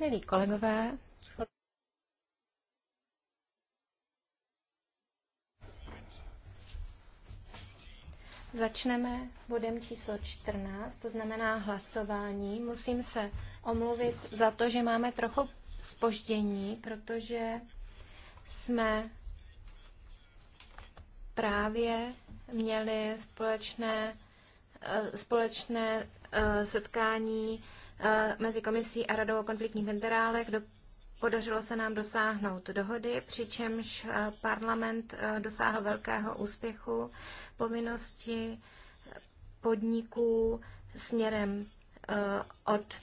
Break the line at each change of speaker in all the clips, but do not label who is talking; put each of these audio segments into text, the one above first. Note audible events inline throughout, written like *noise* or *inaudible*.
Milí kolegové, Začneme bodem číslo 14, to znamená hlasování. Musím se omluvit za to, že máme trochu spoždění, protože jsme právě měli společné, eh, společné eh, setkání E, mezi komisí a radou o konfliktních generálech. Do, podařilo se nám dosáhnout dohody, přičemž e, parlament e, dosáhl velkého úspěchu povinnosti podniků směrem od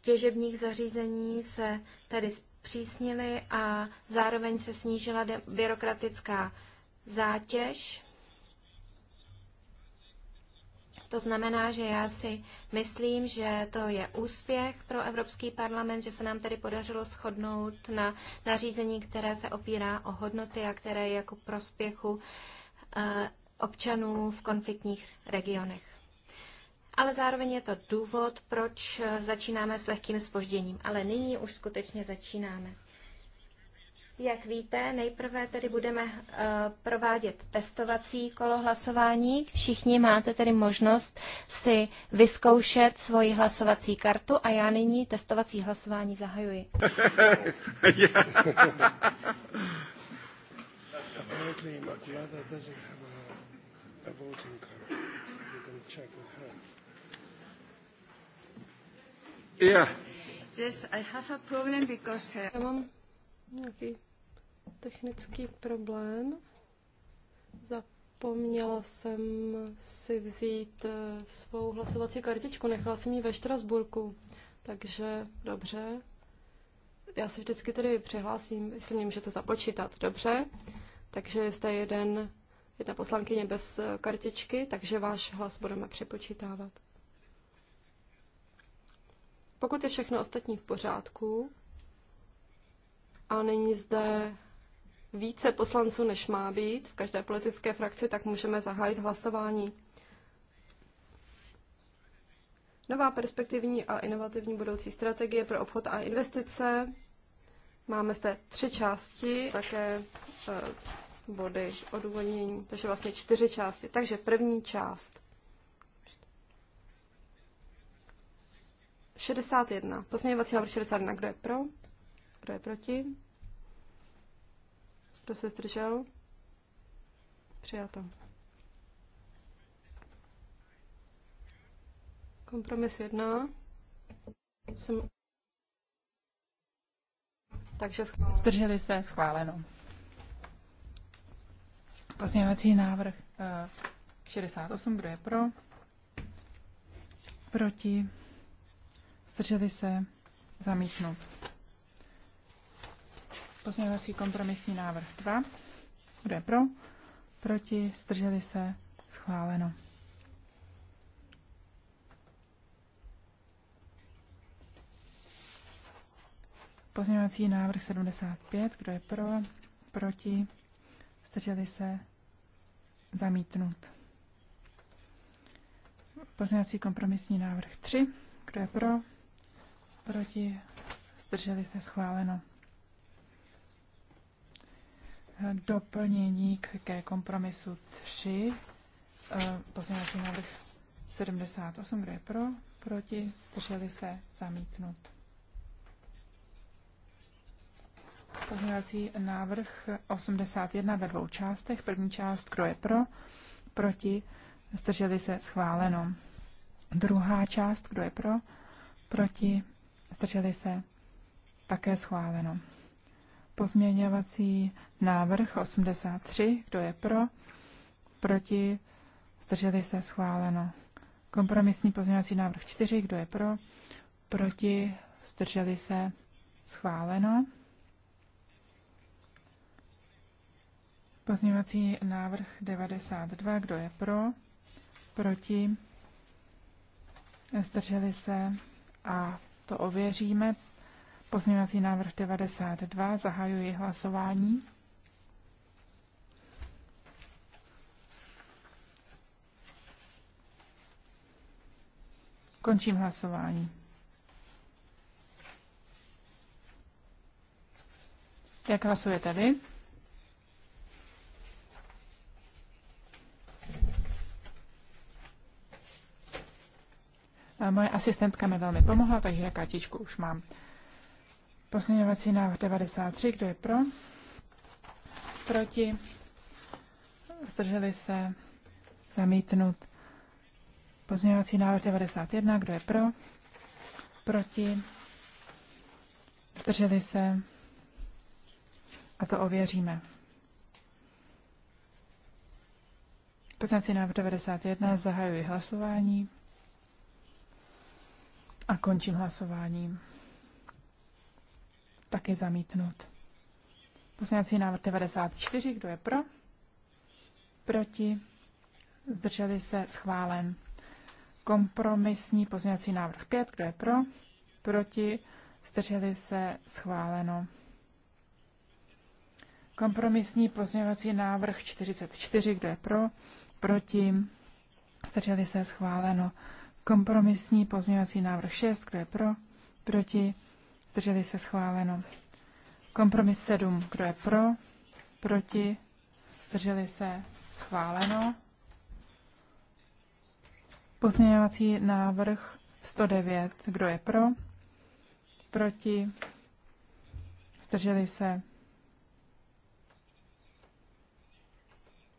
těžebních zařízení se tedy zpřísnily a zároveň se snížila byrokratická zátěž to znamená, že já si myslím, že to je úspěch pro Evropský parlament, že se nám tedy podařilo shodnout na nařízení, které se opírá o hodnoty a které je jako prospěchu eh, občanů v konfliktních regionech. Ale zároveň je to důvod, proč eh, začínáme s lehkým spožděním. Ale nyní už skutečně začínáme. Jak víte, nejprve tedy budeme eh, provádět testovací kolo hlasování. Všichni máte tedy možnost si vyzkoušet svoji hlasovací kartu a já nyní testovací hlasování zahajuji.
yeah.
Yes, I have a problem because uh, okay technický problém. Zapomněla jsem si vzít eh, svou hlasovací kartičku, nechala jsem ji ve Štrasburku. Takže dobře. Já se vždycky tedy přihlásím, jestli mě můžete započítat. Dobře. Takže jste jeden, jedna poslankyně bez eh, kartičky, takže váš hlas budeme přepočítávat. Pokud je všechno ostatní v pořádku a není zde více poslanců, než má být v každé politické frakci, tak můžeme zahájit hlasování. Nová perspektivní a inovativní budoucí strategie pro obchod a investice. Máme zde tři části, také e, body odůvodnění, takže vlastně čtyři části. Takže první část. 61. Pozměňovací návrh 61. Kdo je pro? Kdo je proti? Kdo se zdržel? Přijato. Kompromis jedna.
Jsem... Takže schválen. Zdrželi se, schváleno. Pozměňovací návrh 68, eh, kdo je pro? Proti? Zdrželi se, zamítnout. Pozměňovací kompromisní návrh 2. Kdo je pro? Proti? Zdrželi se? Schváleno. Pozměňovací návrh 75. Kdo je pro? Proti? Zdrželi se? Zamítnut. Pozměňovací kompromisní návrh 3. Kdo je pro? Proti? Zdrželi se? Schváleno doplnění ke kompromisu 3, eh, pozměňovací návrh 78, kde je pro, proti, zdrželi se, zamítnut. Pozměňovací návrh 81 ve dvou částech. První část, kdo je pro, proti, zdrželi se, schváleno. Druhá část, kdo je pro, proti, zdrželi se, také schváleno. Pozměňovací návrh 83, kdo je pro, proti, zdrželi se, schváleno. Kompromisní pozměňovací návrh 4, kdo je pro, proti, zdrželi se, schváleno. Pozměňovací návrh 92, kdo je pro, proti, zdrželi se a to ověříme. Pozměňovací návrh 92. Zahajuji hlasování. Končím hlasování. Jak hlasujete vy? Moje asistentka mi velmi pomohla, takže já kartičku už mám. Pozměňovací návrh 93, kdo je pro? Proti? Zdrželi se? Zamítnut. Pozměňovací návrh 91, kdo je pro? Proti? Zdrželi se? A to ověříme. Poslanci návrh 91 zahajuji hlasování a končím hlasování taky zamítnut. Poslanecí návrh 94, kdo je pro? Proti? Zdrželi se schválen. Kompromisní pozměňovací návrh 5, kdo je pro? Proti? Zdrželi se schváleno. Kompromisní pozměňovací návrh 44, kdo je pro? Proti? Zdrželi se schváleno. Kompromisní pozměňovací návrh 6, kdo je pro? Proti? Zdrželi se schváleno. Kompromis 7. Kdo je pro? Proti? Zdrželi se schváleno. Pozměňovací návrh 109. Kdo je pro? Proti? Zdrželi se.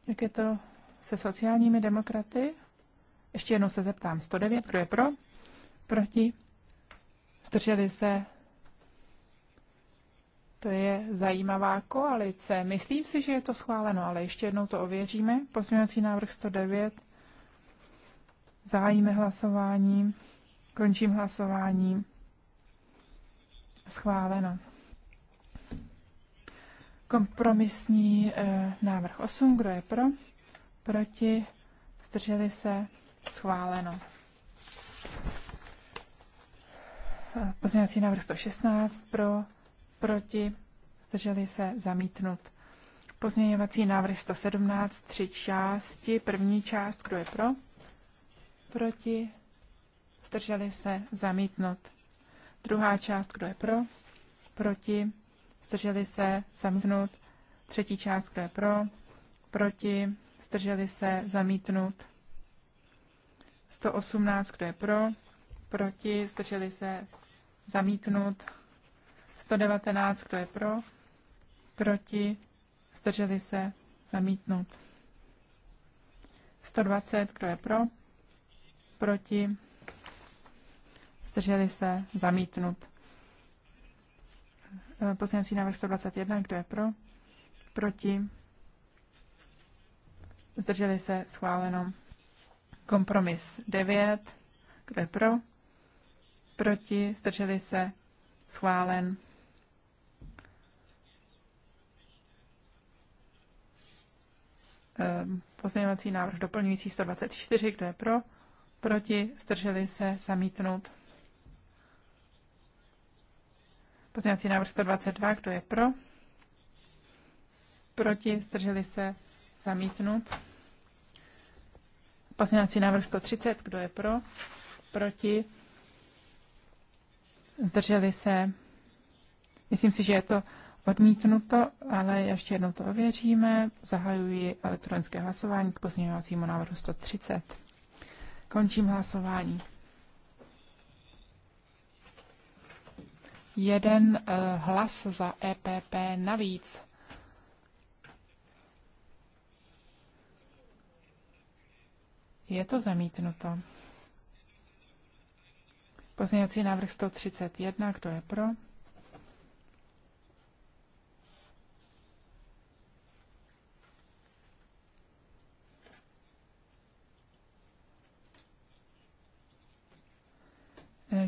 Jak je to se sociálními demokraty? Ještě jednou se zeptám. 109. Kdo je pro? Proti? Zdrželi se to je zajímavá koalice. Myslím si, že je to schváleno, ale ještě jednou to ověříme. Pozměňovací návrh 109. Zájíme hlasování. Končím hlasování. Schváleno. Kompromisní eh, návrh 8. Kdo je pro? Proti? Zdrželi se? Schváleno. Eh, pozměňovací návrh 116 pro, proti, zdrželi se, zamítnut. Pozměňovací návrh 117, tři části. První část, kdo je pro? Proti, zdrželi se, zamítnut. Druhá část, kdo je pro? Proti, zdrželi se, zamítnut. Třetí část, kdo je pro? Proti, zdrželi se, zamítnut. 118, kdo je pro? Proti, zdrželi se, zamítnut. 119, kdo je pro, proti, zdrželi se, zamítnout. 120, kdo je pro, proti, zdrželi se, zamítnout. Poslanecí návrh 121, kdo je pro, proti, zdrželi se, schváleno. Kompromis 9, kdo je pro, proti, zdrželi se, schválen. Ehm, pozměňovací návrh doplňující 124, kdo je pro, proti, zdrželi se, zamítnout. Pozměňovací návrh 122, kdo je pro, proti, zdrželi se, zamítnout. Pozměňovací návrh 130, kdo je pro, proti, zdrželi se. Myslím si, že je to Odmítnuto, ale ještě jednou to ověříme. Zahajuji elektronické hlasování k pozměňovacímu návrhu 130. Končím hlasování. Jeden uh, hlas za EPP navíc. Je to zamítnuto. Pozměňovací návrh 131, kdo je pro?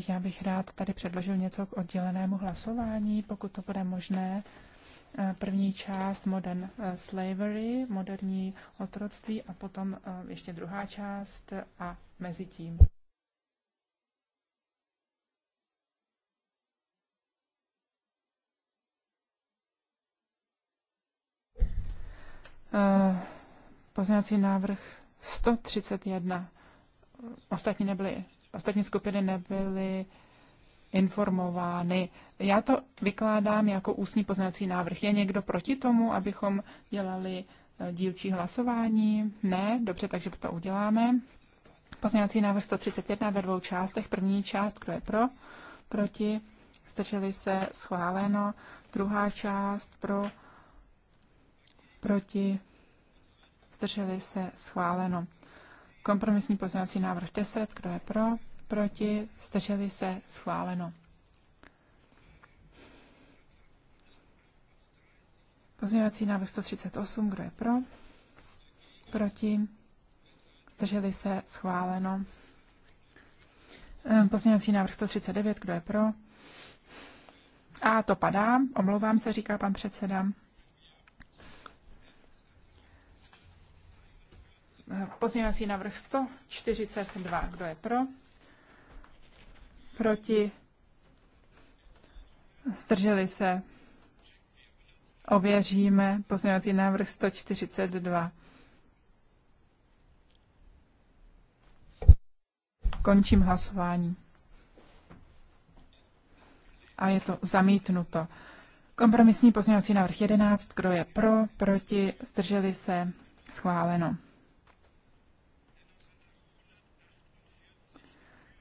já bych rád tady předložil něco k oddělenému hlasování, pokud to bude možné. Eh, první část Modern eh, Slavery, moderní otroctví a potom eh, ještě druhá část a mezi tím. poznací návrh 131. Ostatní nebyly ostatní skupiny nebyly informovány. Já to vykládám jako ústní poznací návrh. Je někdo proti tomu, abychom dělali eh, dílčí hlasování? Ne, dobře, takže to uděláme. Poznací návrh 131 ve dvou částech. První část, kdo je pro, proti, Stačili se, schváleno. Druhá část pro, proti, Stačili se, schváleno. Kompromisní pozměňovací návrh 10, kdo je pro, proti, zdrželi se, schváleno. Pozměňovací návrh 138, kdo je pro, proti, zdrželi se, schváleno. Ehm, pozměňovací návrh 139, kdo je pro? A to padá, omlouvám se, říká pan předseda. Pozměňovací návrh 142. Kdo je pro? Proti? Zdrželi se? Ověříme pozměňovací návrh 142. Končím hlasování. A je to zamítnuto. Kompromisní pozměňovací návrh 11. Kdo je pro? Proti? Zdrželi se? Schváleno.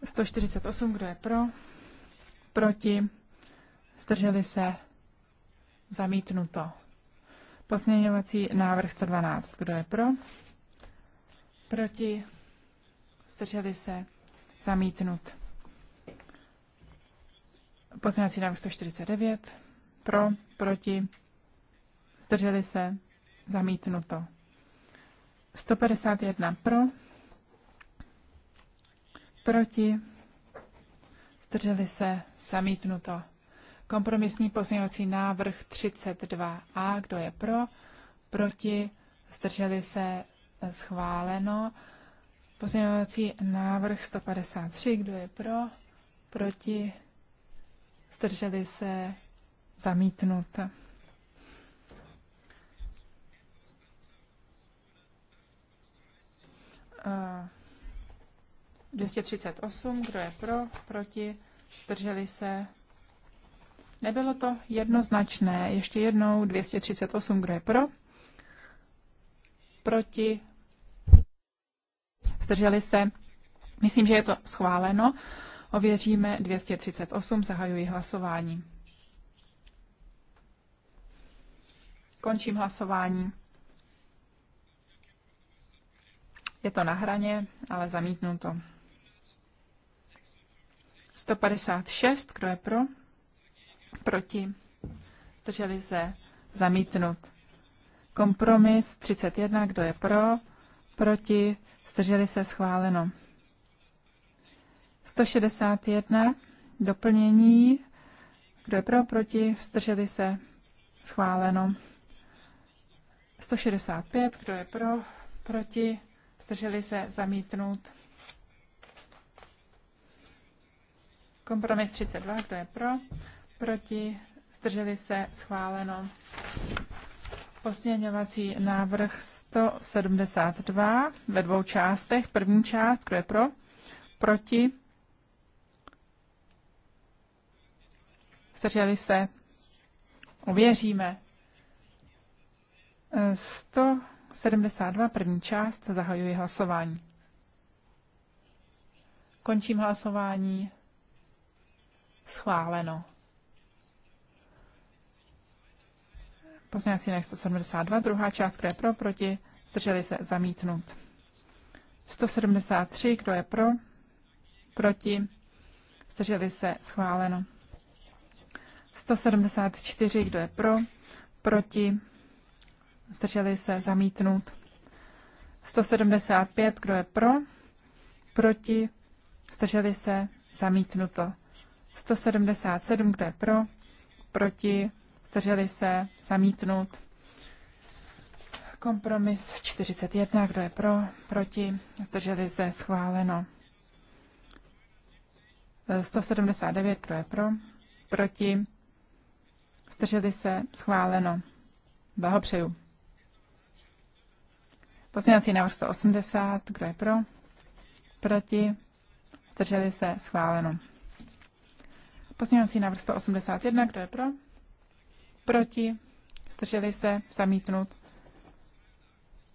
148, kdo je pro? Proti? Zdrželi se? Zamítnuto. Posměňovací návrh 112, kdo je pro? Proti? Zdrželi se? Zamítnut. Posměňovací návrh 149, pro? Proti? Zdrželi se? Zamítnuto. 151 pro? proti, zdrželi se, zamítnuto. Kompromisní pozměňovací návrh 32a, kdo je pro, proti, zdrželi se, schváleno. Pozměňovací návrh 153, kdo je pro, proti, zdrželi se, zamítnut. Uh, 238, kdo je pro, proti, zdrželi se. Nebylo to jednoznačné. Ještě jednou 238, kdo je pro, proti, zdrželi se. Myslím, že je to schváleno. Ověříme 238, zahajuji hlasování. Končím hlasování. Je to na hraně, ale zamítnu to. 156, kdo je pro? Proti? Zdrželi se? Zamítnut. Kompromis 31, kdo je pro? Proti? Zdrželi se? Schváleno. 161, doplnění, kdo je pro? Proti? Zdrželi se? Schváleno. 165, kdo je pro? Proti? Zdrželi se? zamítnout. Kompromis 32, kdo je pro? Proti? Zdrželi se? Schváleno. Posměňovací návrh 172 ve dvou částech. První část, kdo je pro? Proti? Zdrželi se? Uvěříme. 172, první část, zahajuji hlasování. Končím hlasování. Schváleno. Pozměňovací návrh 172, druhá část, kdo je pro, proti, zdrželi se, zamítnut. 173, kdo je pro, proti, zdrželi se, schváleno. 174, kdo je pro, proti, zdrželi se, zamítnut. 175, kdo je pro, proti, zdrželi se, zamítnuto. 177, kdo je pro, proti, zdrželi se, zamítnut. Kompromis 41, kdo je pro, proti, zdrželi se, schváleno. 179, kdo je pro, proti, zdrželi se, schváleno. Blahopřeju. Pozměňovací návrh 180, kdo je pro, proti, zdrželi se, schváleno. Pozměňovací návrh 181, kdo je pro? Proti? Zdrželi se? Zamítnut.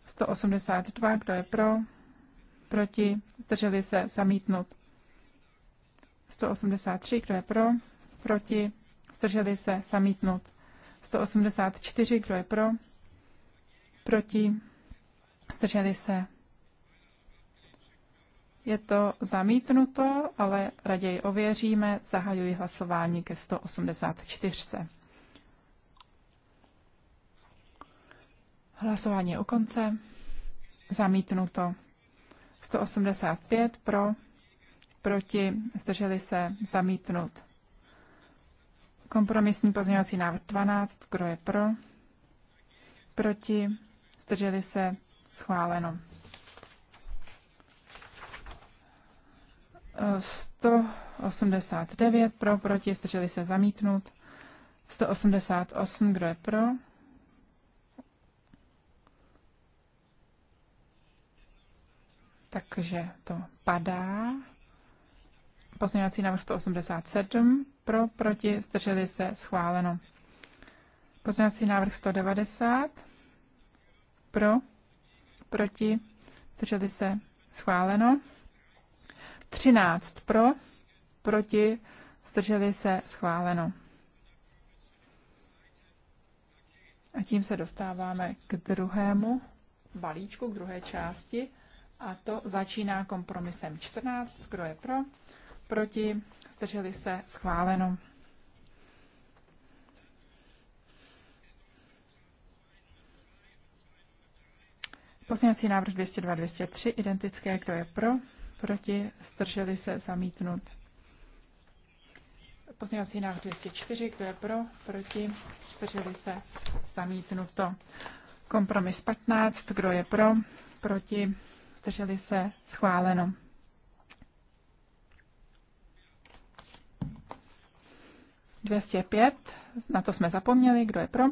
182, kdo je pro? Proti? Zdrželi se? Zamítnut. 183, kdo je pro? Proti? Zdrželi se? Zamítnut. 184, kdo je pro? Proti? Zdrželi se? Je to zamítnuto, ale raději ověříme. Zahajuji hlasování ke 184. Hlasování je u konce. Zamítnuto. 185 pro, proti, zdrželi se, zamítnut. Kompromisní pozměňovací návrh 12, kdo je pro, proti, zdrželi se, schváleno. 189 pro, proti, strželi se zamítnout. 188, kdo je pro? Takže to padá. Pozměňovací návrh 187 pro, proti, strželi se, schváleno. Pozměňovací návrh 190 pro, proti, strželi se, schváleno. 13 pro, proti, zdrželi se schváleno. A tím se dostáváme k druhému balíčku, k druhé části. A to začíná kompromisem 14. Kdo je pro? Proti? Zdrželi se? Schváleno. Poslanecí návrh 202-203, identické, kdo je pro, proti, strželi se, zamítnut. Pozměňovací návrh 204, kdo je pro, proti, strželi se, zamítnuto. Kompromis 15, kdo je pro, proti, strželi se, schváleno. Dvěstě pět, na to jsme zapomněli, kdo je pro,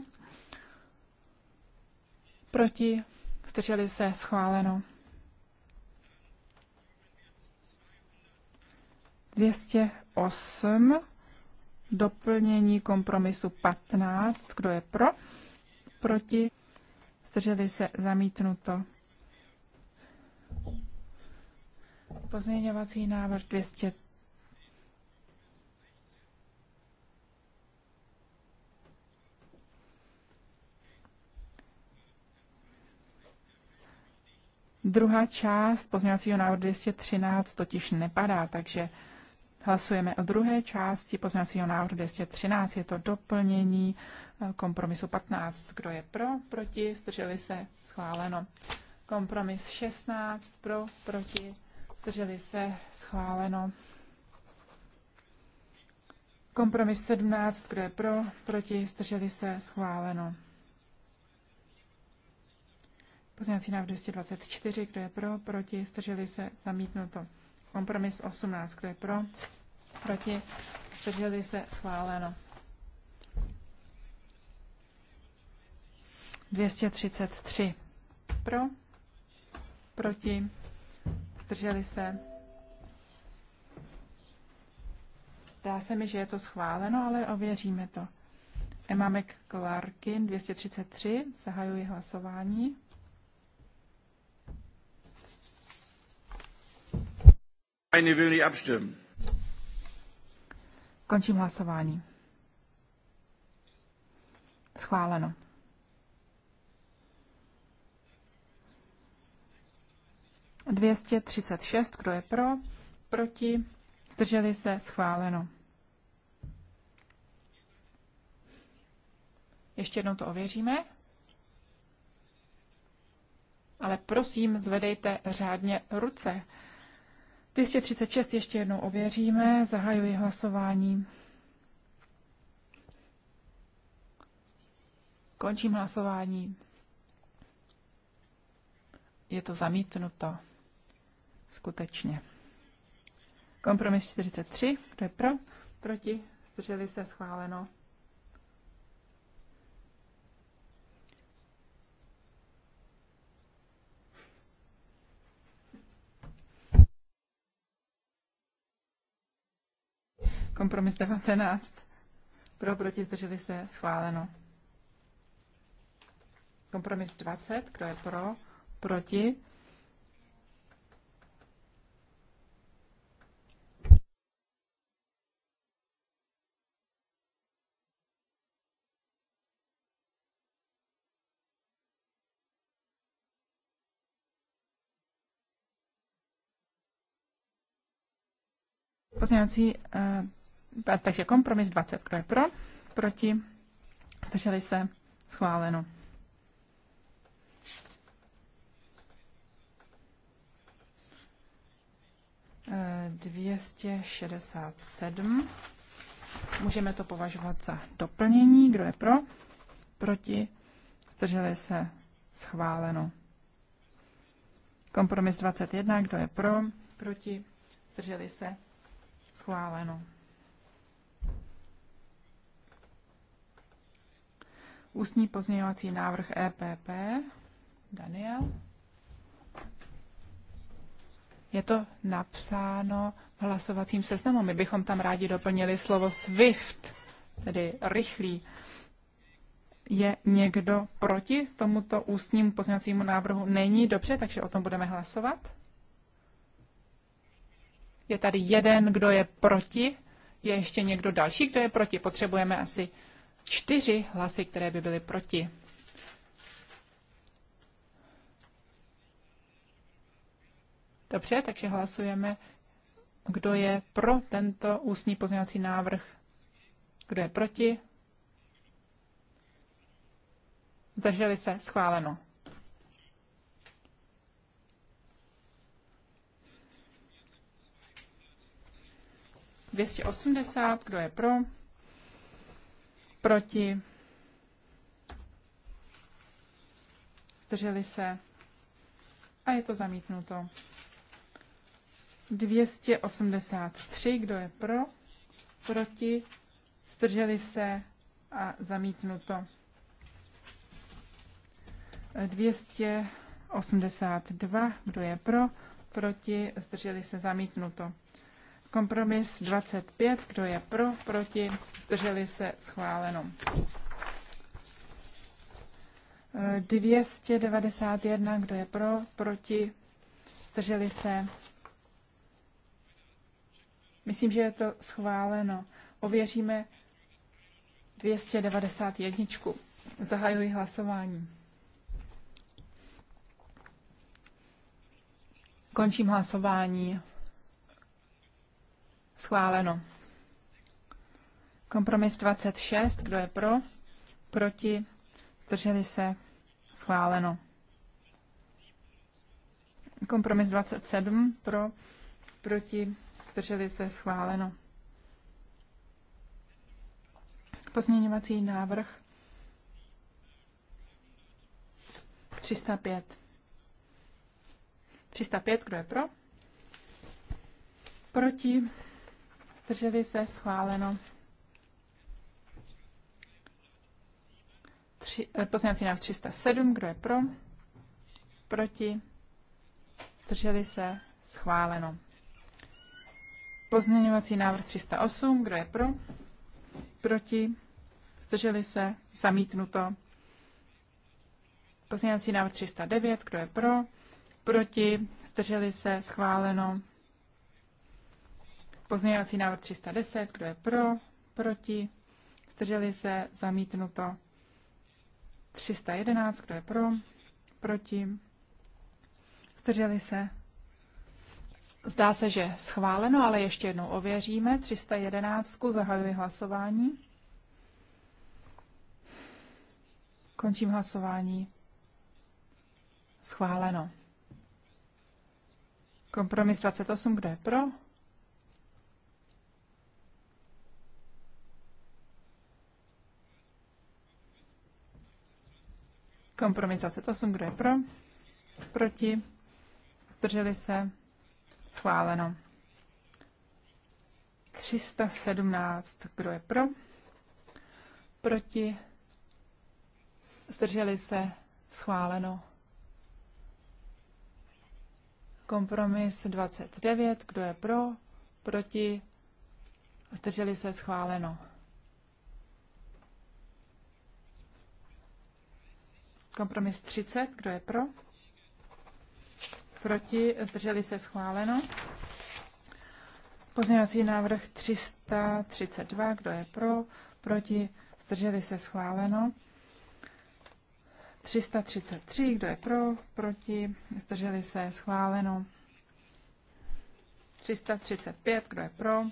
proti, strželi se, schváleno. 208, doplnění kompromisu 15, kdo je pro, proti, zdrželi se, zamítnuto. Pozměňovací návrh 200. Druhá část pozměňovacího návrhu 213 totiž nepadá, takže Hlasujeme o druhé části poznacího návrhu 213. Je to doplnění eh, kompromisu 15. Kdo je pro, proti, zdrželi se, schváleno. Kompromis 16, pro, proti, zdrželi se, schváleno. Kompromis 17, kdo je pro, proti, zdrželi se, schváleno. Pozměňovací návrh 224, kdo je pro, proti, zdrželi se, zamítnuto. Kompromis 18, kdo je pro? Proti? Zdrželi se? Schváleno. 233 pro? Proti? Zdrželi se? Zdá se mi, že je to schváleno, ale ověříme to. Emma McClarkin 233, zahajuji hlasování. Končím hlasování. Schváleno. Dvěstě třicet šest, kdo je pro, proti, zdrželi se, schváleno. Ještě jednou to ověříme. Ale prosím, zvedejte řádně ruce. 236 ještě jednou ověříme, zahajuji hlasování. Končím hlasování. Je to zamítnuto. Skutečně. Kompromis 43, kdo je pro? Proti? Zdrželi se schváleno. Kompromis 19. Pro, proti, zdrželi se, schváleno. Kompromis 20. Kdo je pro, proti? Pozměňovací eh, takže kompromis 20, kdo je pro, proti, zdrželi se, schváleno. E, 267. Můžeme to považovat za doplnění. Kdo je pro? Proti? Zdrželi se? Schváleno. Kompromis 21. Kdo je pro? Proti? Zdrželi se? Schváleno. Ústní pozměňovací návrh EPP. Daniel. Je to napsáno v hlasovacím seznamu. My bychom tam rádi doplnili slovo SWIFT, tedy rychlý. Je někdo proti tomuto ústnímu pozměňovacímu návrhu? Není dobře, takže o tom budeme hlasovat. Je tady jeden, kdo je proti. Je ještě někdo další, kdo je proti. Potřebujeme asi čtyři hlasy, které by byly proti. Dobře, takže hlasujeme, kdo je pro tento ústní pozměňovací návrh, kdo je proti. Zdrželi se, schváleno. Dvěstě osmdesát, kdo je pro? proti, zdrželi se a je to zamítnuto. 283, kdo je pro, proti, zdrželi se a zamítnuto. 282, kdo je pro, proti, zdrželi se zamítnuto. Kompromis 25, kdo je pro, proti, zdrželi se, schváleno. 291, e, kdo je pro, proti, zdrželi se. Myslím, že je to schváleno. Ověříme 291. Zahajuji hlasování. Končím hlasování. Schváleno. Kompromis 26. Kdo je pro? Proti? Zdrželi se? Schváleno. Kompromis 27. Pro? Proti? Zdrželi se? Schváleno. Pozměňovací návrh 305. 305, kdo je pro? Proti? zdrželi se, schváleno. Tři, eh, pozměňovací návrh 307, kdo je pro, proti, zdrželi se, schváleno. Pozměňovací návrh 308, kdo je pro, proti, zdrželi se, zamítnuto. Pozměňovací návrh 309, kdo je pro, proti, zdrželi se, schváleno. Pozměňovací návrh 310, kdo je pro, proti, zdrželi se, zamítnuto. 311, kdo je pro, proti, zdrželi se. Zdá se, že schváleno, ale ještě jednou ověříme. 311, zahajuji hlasování. Končím hlasování. Schváleno. Kompromis 28, kdo je pro? Kompromis 28, kdo je pro? Proti? Zdrželi se? Schváleno. 317, kdo je pro? Proti? Zdrželi se? Schváleno. Kompromis 29, kdo je pro? Proti? Zdrželi se? Schváleno. Kompromis 30, kdo je pro? Proti, zdrželi se schváleno. Pozměňovací návrh 332, kdo je pro? Proti, zdrželi se schváleno. 333, kdo je pro? Proti, zdrželi se schváleno. 335, kdo je pro?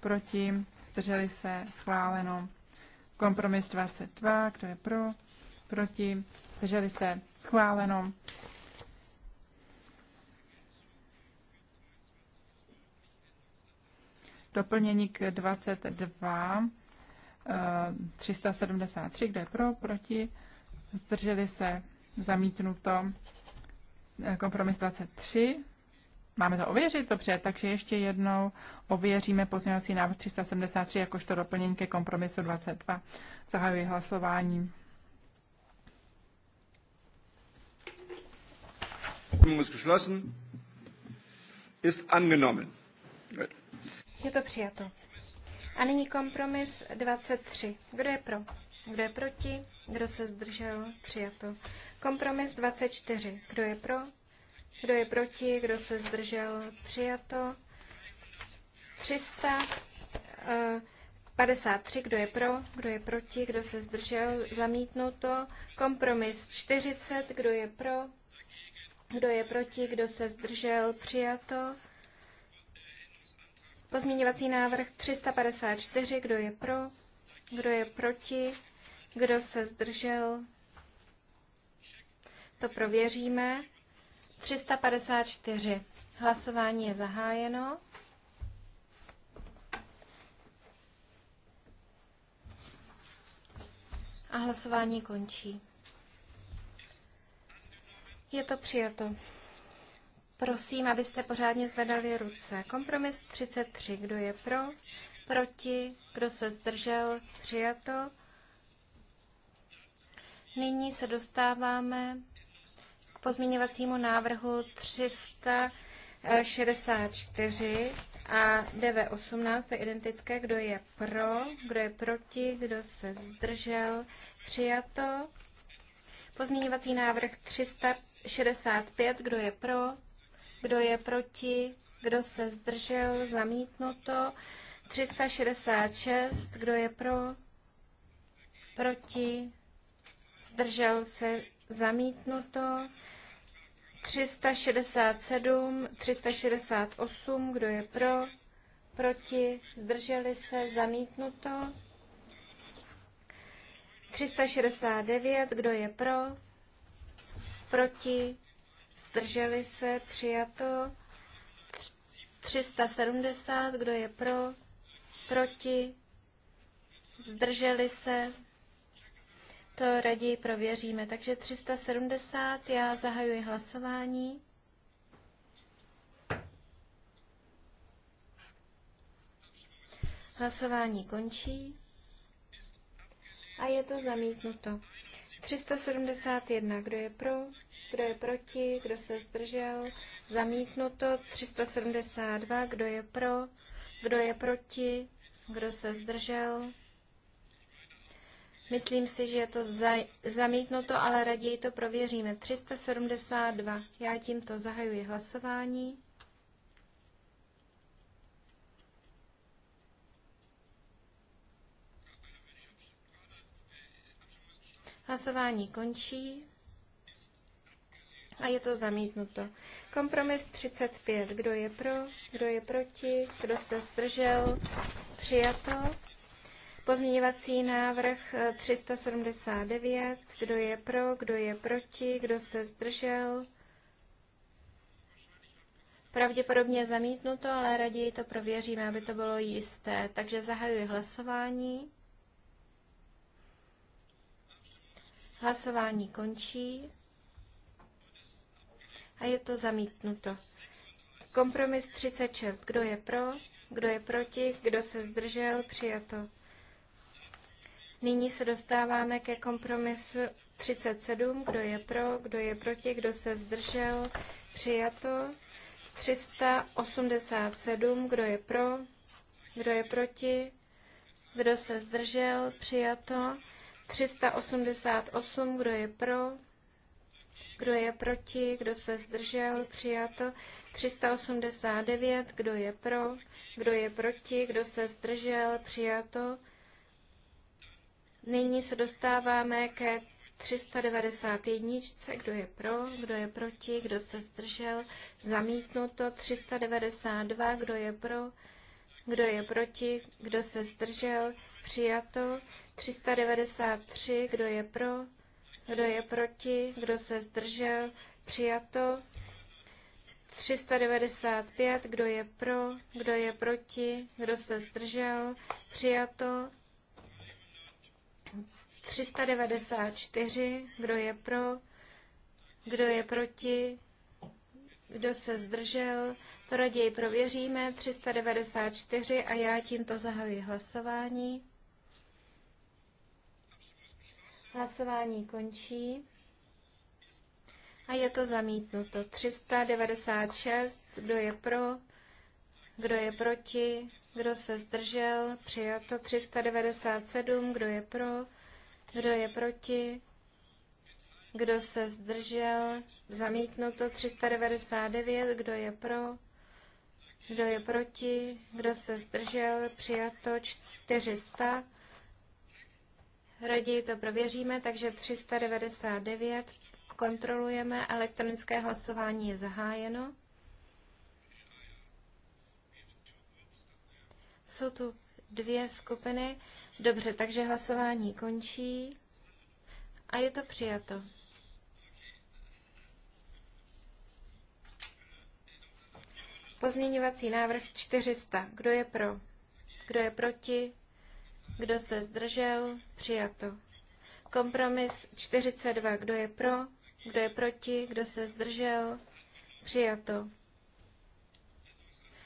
Proti, zdrželi se schváleno. Kompromis 22, kdo je pro? proti, zdrželi se, schváleno. Doplnění k 22, 373, eh, kde je pro, proti, zdrželi se, zamítnuto. Eh, kompromis 23, máme to ověřit, dobře, takže ještě jednou ověříme pozměňovací návrh 373 jakožto doplnění ke kompromisu 22. Zahajuji hlasování.
Je to přijato. A nyní kompromis 23. Kdo je pro? Kdo je proti? Kdo se zdržel? Přijato. Kompromis 24. Kdo je pro? Kdo je proti? Kdo se zdržel? Přijato. 353. Eh, Kdo je pro? Kdo je proti? Kdo se zdržel? Zamítnuto. Kompromis 40. Kdo je pro? Kdo je proti? Kdo se zdržel? Přijato. Pozměňovací návrh 354. Kdo je pro? Kdo je proti? Kdo se zdržel? To prověříme. 354. Hlasování je zahájeno. A hlasování končí. Je to přijato. Prosím, abyste pořádně zvedali ruce. Kompromis 33. Kdo je pro? Proti? Kdo se zdržel? Přijato. Nyní se dostáváme k pozměňovacímu návrhu 364 a DV18. To je identické. Kdo je pro? Kdo je proti? Kdo se zdržel? Přijato. Pozměňovací návrh 365, kdo je pro, kdo je proti, kdo se zdržel, zamítnuto. 366, kdo je pro, proti, zdržel se, zamítnuto. 367, 368, kdo je pro, proti, zdrželi se, zamítnuto. 369, kdo je pro? Proti? Zdrželi se? Přijato? 370, kdo je pro? Proti? Zdrželi se? To raději prověříme. Takže 370, já zahajuji hlasování. Hlasování končí a je to zamítnuto. 371, kdo je pro, kdo je proti, kdo se zdržel, zamítnuto. 372, kdo je pro, kdo je proti, kdo se zdržel. Myslím si, že je to za, zamítnuto, ale raději to prověříme. 372. Já tímto zahajuji hlasování. Hlasování končí a je to zamítnuto. Kompromis 35. Kdo je pro, kdo je proti, kdo se zdržel, přijato. Pozměňovací návrh 379. Eh, kdo je pro, kdo je proti, kdo se zdržel. Pravděpodobně zamítnuto, ale raději to prověříme, aby to bylo jisté. Takže zahajuji hlasování. Hlasování končí a je to zamítnuto. Kompromis 36. Kdo je pro? Kdo je proti? Kdo se zdržel? Přijato. Nyní se dostáváme ke kompromisu 37. Kdo je pro? Kdo je proti? Kdo se zdržel? Přijato. 387. Kdo je pro? Kdo je proti? Kdo se zdržel? Přijato. 388, kdo je pro, kdo je proti, kdo se zdržel, přijato. 389, kdo je pro, kdo je proti, kdo se zdržel, přijato. Nyní se dostáváme ke 391, kdo je pro, kdo je proti, kdo se zdržel, zamítnuto. 392, kdo je pro, kdo je proti, kdo se zdržel, přijato. 393, kdo je pro, kdo je proti, kdo se zdržel, přijato. 395, kdo je pro, kdo je proti, kdo se zdržel, přijato. 394, kdo je pro, kdo je proti, kdo se zdržel, to raději prověříme. 394 a já tímto zahajuji hlasování. Hlasování končí. A je to zamítnuto. 396, kdo je pro, kdo je proti, kdo se zdržel, přijato 397, kdo je pro, kdo je proti, kdo se zdržel, zamítnuto 399, kdo je pro, kdo je proti? Kdo se zdržel? Přijato 400. Raději to prověříme, takže 399 kontrolujeme. Elektronické hlasování je zahájeno. Jsou tu dvě skupiny. Dobře, takže hlasování končí a je to přijato. Pozměňovací návrh 400. Kdo je pro? Kdo je proti? Kdo se zdržel? Přijato. Kompromis 42. Kdo je pro? Kdo je proti? Kdo se zdržel? Přijato.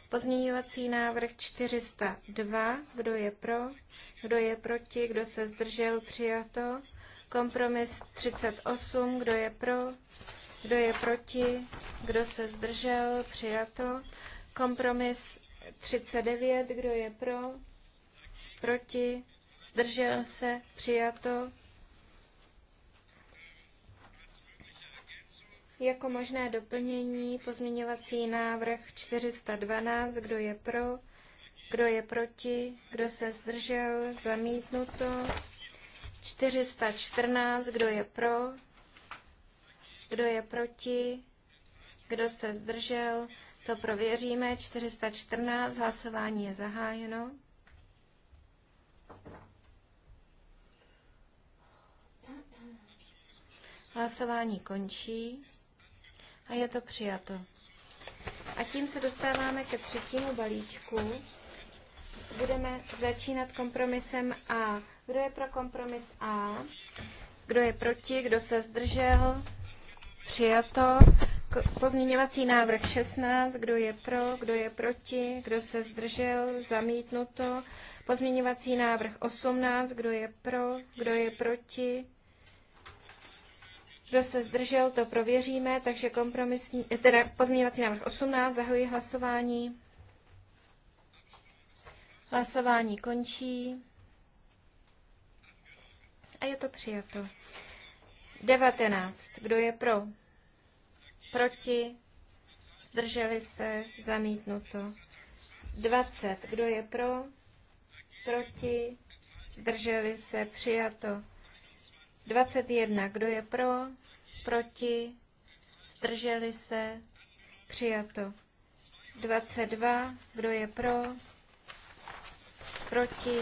Pozměňovací návrh 402. Kdo je pro? Kdo je proti? Kdo se zdržel? Přijato. Kompromis 38. Kdo je pro? Kdo je proti? Kdo se zdržel? Přijato. Kompromis 39. Kdo je pro? Proti? Zdržel se? Přijato. Jako možné doplnění pozměňovací návrh 412, kdo je pro, kdo je proti, kdo se zdržel, zamítnuto. 414, kdo je pro, kdo je proti? Kdo se zdržel? To prověříme. 414. Hlasování je zahájeno. Hlasování končí a je to přijato. A tím se dostáváme ke třetímu balíčku. Budeme začínat kompromisem A. Kdo je pro kompromis A? Kdo je proti? Kdo se zdržel? Přijato. Pozměňovací návrh 16. Kdo je pro, kdo je proti, kdo se zdržel, zamítnuto. Pozměňovací návrh 18. Kdo je pro, kdo je proti, kdo se zdržel, to prověříme. Takže kompromisní, eh, teda pozměňovací návrh 18. Zahoji hlasování. Hlasování končí. A je to přijato. 19. Kdo je pro? Proti? Zdrželi se? Zamítnuto. 20. Kdo je pro? Proti? Zdrželi se? Přijato. 21. Kdo je pro? Proti? Zdrželi se? Přijato. 22. Kdo je pro? Proti?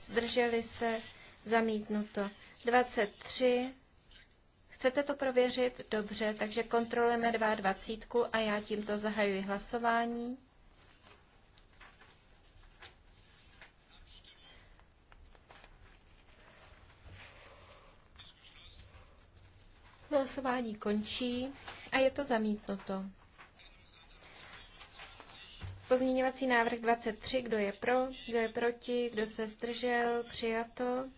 Zdrželi se? Zamítnuto. 23. Chcete to prověřit? Dobře, takže kontrolujeme 22 a já tímto zahajuji hlasování. Hlasování končí a je to zamítnuto. Pozměňovací návrh 23, kdo je pro, kdo je proti, kdo se zdržel, přijato.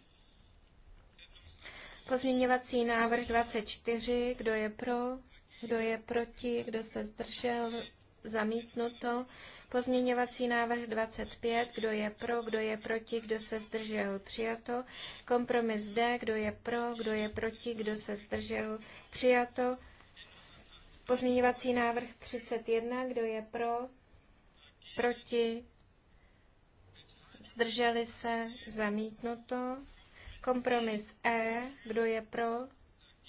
Pozměňovací návrh 24, kdo je pro, kdo je proti, kdo se zdržel, zamítnuto. Pozměňovací návrh 25, kdo je pro, kdo je proti, kdo se zdržel, přijato. Kompromis D, kdo je pro, kdo je proti, kdo se zdržel, přijato. Pozměňovací návrh 31, kdo je pro, proti, zdrželi se, zamítnuto. Kompromis E, kdo je pro,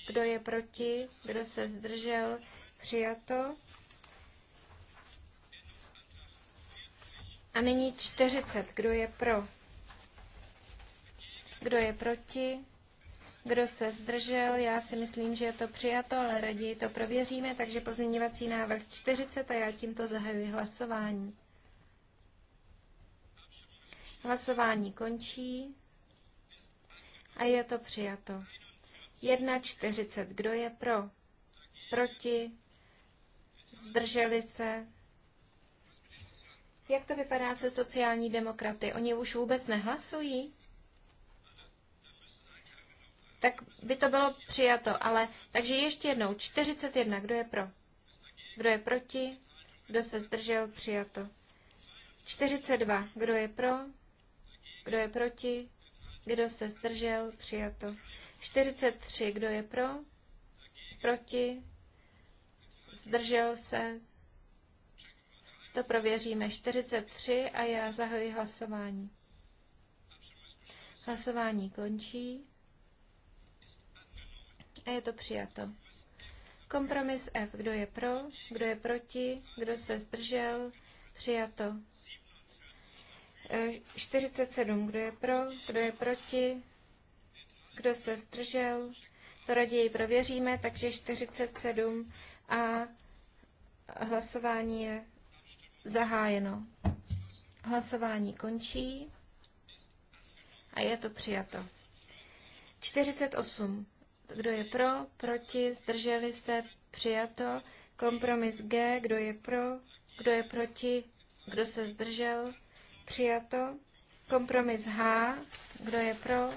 kdo je proti, kdo se zdržel, přijato. A nyní 40, kdo je pro, kdo je proti, kdo se zdržel, já si myslím, že je to přijato, ale raději to prověříme, takže pozměňovací návrh 40 a já tímto zahajuji hlasování. Hlasování končí a je to přijato. 1,40. Kdo je pro? Proti? Zdrželi se? Jak to vypadá se sociální demokraty? Oni už vůbec nehlasují? Tak by to bylo přijato, ale takže ještě jednou 41. Kdo je pro? Kdo je proti? Kdo se zdržel? Přijato. 42. Kdo je pro? Kdo je proti? Kdo se zdržel? Přijato. 43. Kdo je pro? Proti? Zdržel se? To prověříme. 43 a já zahoji hlasování. Hlasování končí. A je to přijato. Kompromis F. Kdo je pro? Kdo je proti? Kdo se zdržel? Přijato. 47, kdo je pro, kdo je proti, kdo se zdržel, to raději prověříme, takže 47 a hlasování je zahájeno. Hlasování končí a je to přijato. 48. Kdo je pro, proti, zdrželi se, přijato. Kompromis G, kdo je pro, kdo je proti, kdo se zdržel, Přijato. Kompromis H. Kdo je pro?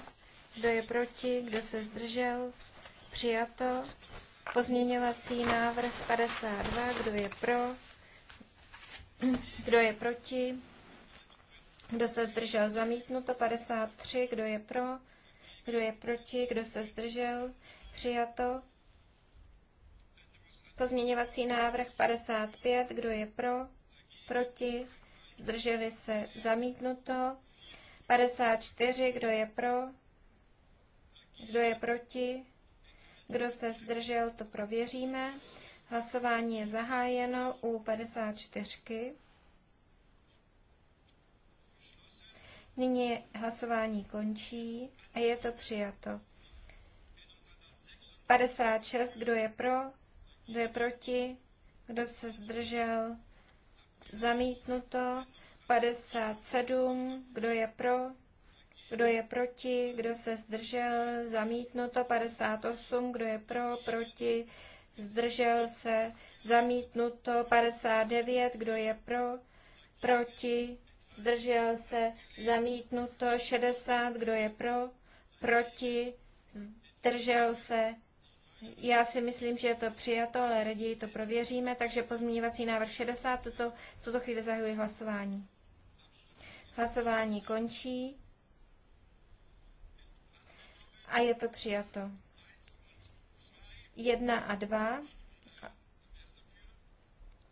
Kdo je proti? Kdo se zdržel? Přijato. Pozměňovací návrh 52. Kdo je pro? Kdo je proti? Kdo se zdržel? Zamítnuto. 53. Kdo je pro? Kdo je proti? Kdo se zdržel? Přijato. Pozměňovací návrh 55. Kdo je pro? Proti? zdrželi se, zamítnuto. 54, kdo je pro, kdo je proti, kdo se zdržel, to prověříme. Hlasování je zahájeno u 54. Nyní hlasování končí a je to přijato. 56, kdo je pro, kdo je proti, kdo se zdržel, Zamítnuto 57. Kdo je pro? Kdo je proti? Kdo se zdržel? Zamítnuto 58. Kdo je pro? Proti? Zdržel se? Zamítnuto 59. Kdo je pro? Proti? Zdržel se? Zamítnuto 60. Kdo je pro? Proti? Zdržel se? Já si myslím, že je to přijato, ale raději to prověříme, takže pozměňovací návrh 60, tuto, tuto chvíli zahajuji hlasování. Hlasování končí a je to přijato. Jedna a dva.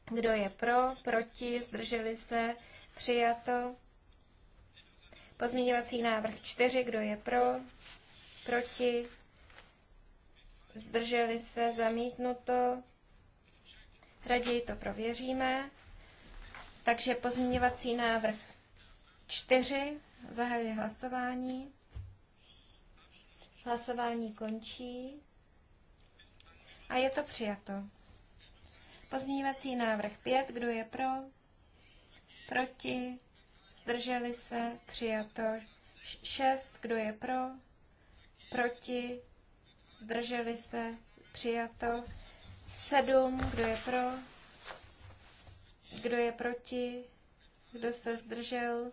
Kdo je pro, proti, zdrželi se, přijato. Pozměňovací návrh 4, kdo je pro, proti, zdrželi se, zamítnuto. Raději to prověříme. Takže pozměňovací návrh 4. Zahajuji hlasování. Hlasování končí. A je to přijato. Pozměňovací návrh 5. Kdo je pro? Proti? Zdrželi se? Přijato. 6. Kdo je pro? Proti? zdrželi se, přijato. sedm kdo je pro, kdo je proti, kdo se zdržel.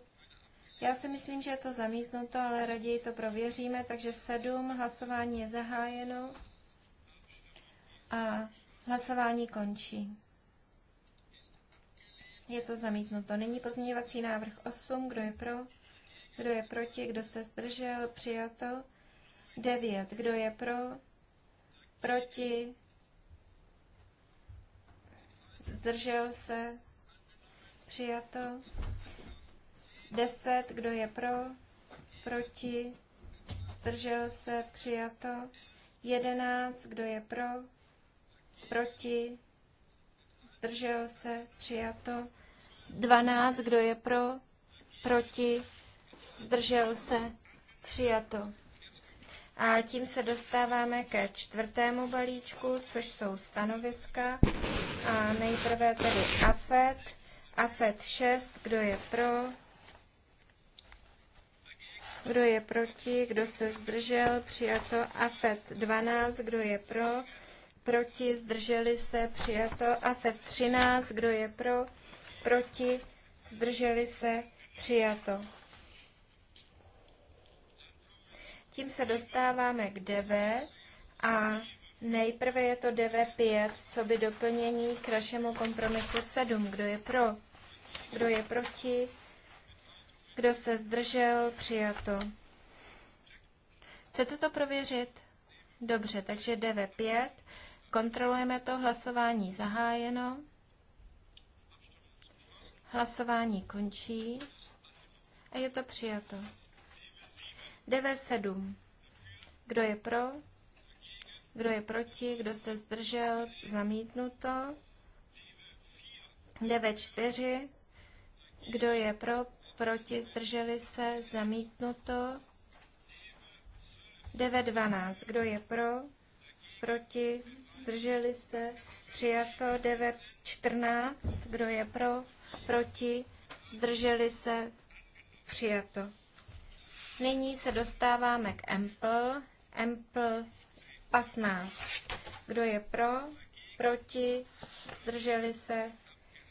Já si myslím, že je to zamítnuto, ale raději to prověříme, takže sedm hlasování je zahájeno a hlasování končí. Je to zamítnuto. Nyní pozměňovací návrh 8, kdo je pro, kdo je proti, kdo se zdržel, přijato. 9. Kdo je pro? Proti? Zdržel se? Přijato. 10. Kdo je pro? Proti? Zdržel se? Přijato. 11. Kdo je pro? Proti? Zdržel se? Přijato. 12. Kdo je pro? Proti? Zdržel se? Přijato. A tím se dostáváme ke čtvrtému balíčku, což jsou stanoviska. A nejprve tedy AFET, AFET 6, kdo je pro, kdo je proti, kdo se zdržel, přijato AFET 12, kdo je pro, proti, zdrželi se, přijato AFET 13, kdo je pro, proti, zdrželi se, přijato. Tím se dostáváme k DV a nejprve je to DV5, co by doplnění k našemu kompromisu 7. Kdo je pro? Kdo je proti? Kdo se zdržel? Přijato. Chcete to prověřit? Dobře, takže DV5. Kontrolujeme to. Hlasování zahájeno. Hlasování končí a je to přijato. DV7. Kdo je pro? Kdo je proti? Kdo se zdržel? Zamítnuto. DV4. Kdo je pro? Proti? Zdrželi se? Zamítnuto. DV12. Kdo je pro? Proti? Zdrželi se? Přijato. DV14. Kdo je pro? Proti? Zdrželi se? Přijato. Nyní se dostáváme k Ample. Ample 15. Kdo je pro? Proti? Zdrželi se?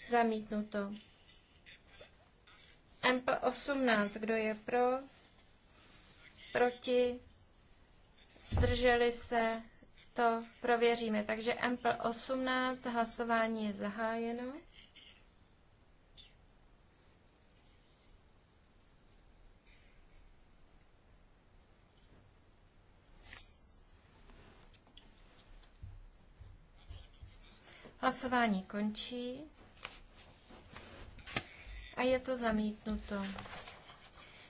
Zamítnuto. Ample 18. Kdo je pro? Proti? Zdrželi se? To prověříme. Takže Ample 18. Hlasování je zahájeno. Hlasování končí a je to zamítnuto.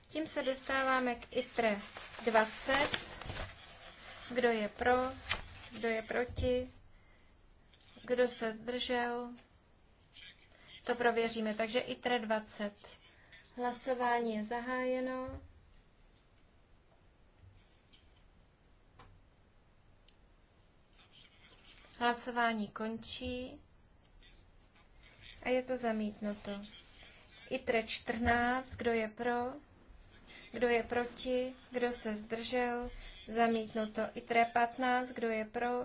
Tím se dostáváme k ITRE 20. Kdo je pro, kdo je proti, kdo se zdržel, to prověříme. Takže ITRE 20. Hlasování je zahájeno. Hlasování končí a je to zamítnuto. ITRE 14, kdo je pro, kdo je proti, kdo se zdržel, zamítnuto. ITRE 15, kdo je pro,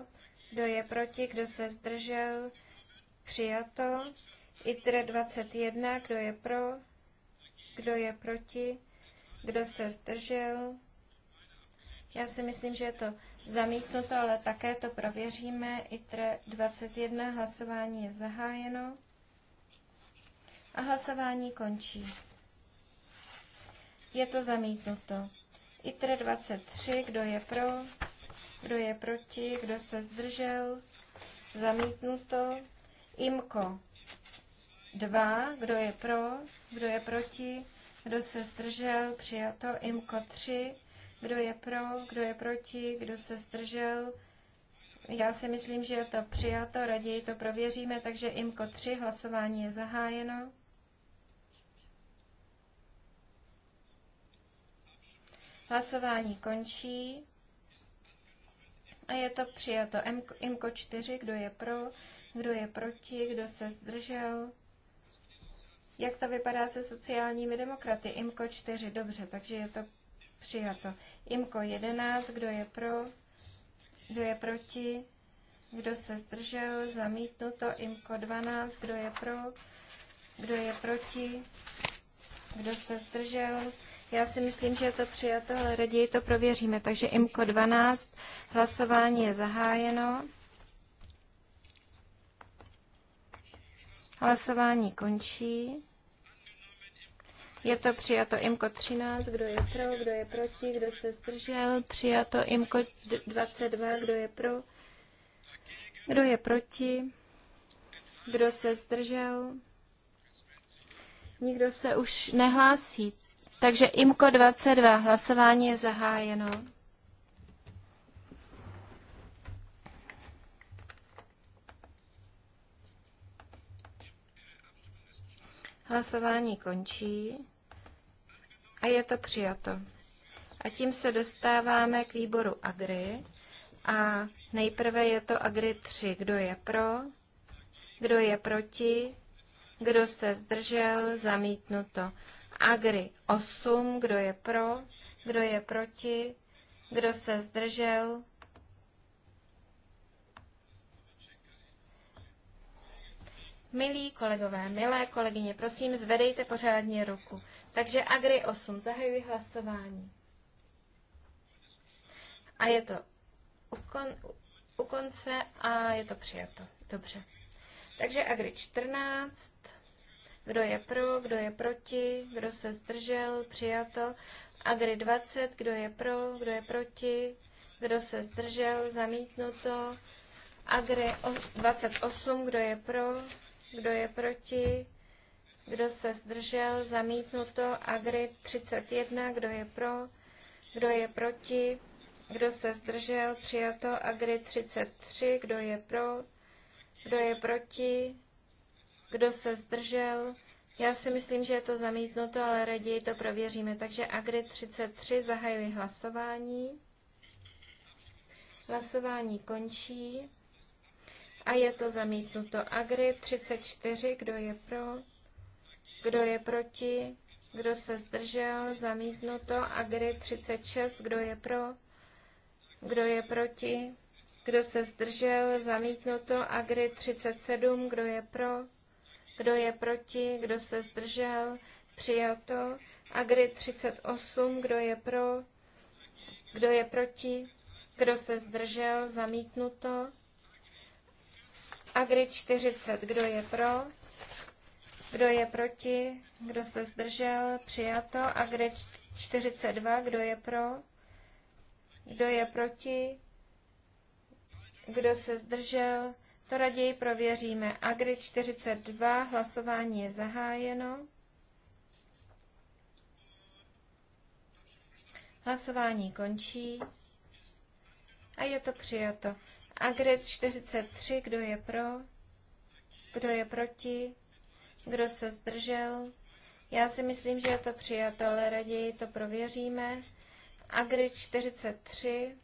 kdo je proti, kdo se zdržel, přijato. ITRE 21, kdo je pro, kdo je proti, kdo se zdržel. Já si myslím, že je to Zamítnuto, ale také to prověříme. ITRE 21 hlasování je zahájeno a hlasování končí. Je to zamítnuto. ITRE 23, kdo je pro, kdo je proti, kdo se zdržel, zamítnuto. IMKO 2, kdo je pro, kdo je proti, kdo se zdržel, přijato. IMKO 3, kdo je pro, kdo je proti, kdo se zdržel? Já si myslím, že je to přijato, raději to prověříme, takže IMKO 3, hlasování je zahájeno. Hlasování končí a je to přijato. IMKO 4, kdo je pro, kdo je proti, kdo se zdržel. Jak to vypadá se sociálními demokraty? IMKO 4, dobře, takže je to Přijato. Imko 11, kdo je pro, kdo je proti, kdo se zdržel, zamítnuto. Imko 12, kdo je pro, kdo je proti, kdo se zdržel. Já si myslím, že je to přijato, ale raději to prověříme. Takže IMKO 12, hlasování je zahájeno. Hlasování končí. Je to přijato IMKO 13, kdo je pro, kdo je proti, kdo se zdržel. Přijato IMKO 22, kdo je pro, kdo je proti, kdo se zdržel. Nikdo se už nehlásí. Takže IMKO 22, hlasování je zahájeno. Hlasování končí a je to přijato. A tím se dostáváme k výboru Agri. A nejprve je to Agri 3. Kdo je pro? Kdo je proti? Kdo se zdržel? Zamítnuto. Agri 8. Kdo je pro? Kdo je proti? Kdo se zdržel? Milí kolegové, milé kolegyně, prosím, zvedejte pořádně ruku. Takže Agri 8, zahajuji hlasování. A je to u, kon, u konce a je to přijato. Dobře. Takže Agri 14, kdo je pro, kdo je proti, kdo se zdržel, přijato. Agri 20, kdo je pro, kdo je proti, kdo se zdržel, zamítnuto. Agri 28, kdo je pro, kdo je proti, kdo se zdržel, zamítnuto. Agri 31, kdo je pro, kdo je proti, kdo se zdržel, přijato. Agri 33, kdo je pro, kdo je proti, kdo se zdržel. Já si myslím, že je to zamítnuto, ale raději to prověříme. Takže Agri 33 zahajuji hlasování. Hlasování končí a je to zamítnuto. Agri 34, kdo je pro, kdo je proti, kdo se zdržel, zamítnuto. Agri 36, kdo je pro, kdo je proti, kdo se zdržel, zamítnuto. Agri 37, kdo je pro, kdo je proti, kdo se zdržel, přijato. Agri 38, kdo je pro, kdo je proti, kdo se zdržel, zamítnuto. Agri 40, kdo je pro? Kdo je proti? Kdo se zdržel? Přijato. Agri 42, kdo je pro? Kdo je proti? Kdo se zdržel? To raději prověříme. Agri 42, hlasování je zahájeno. Hlasování končí a je to přijato. Agret 43, kdo je pro, kdo je proti, kdo se zdržel. Já si myslím, že je to přijato, ale raději to prověříme. Agri 43.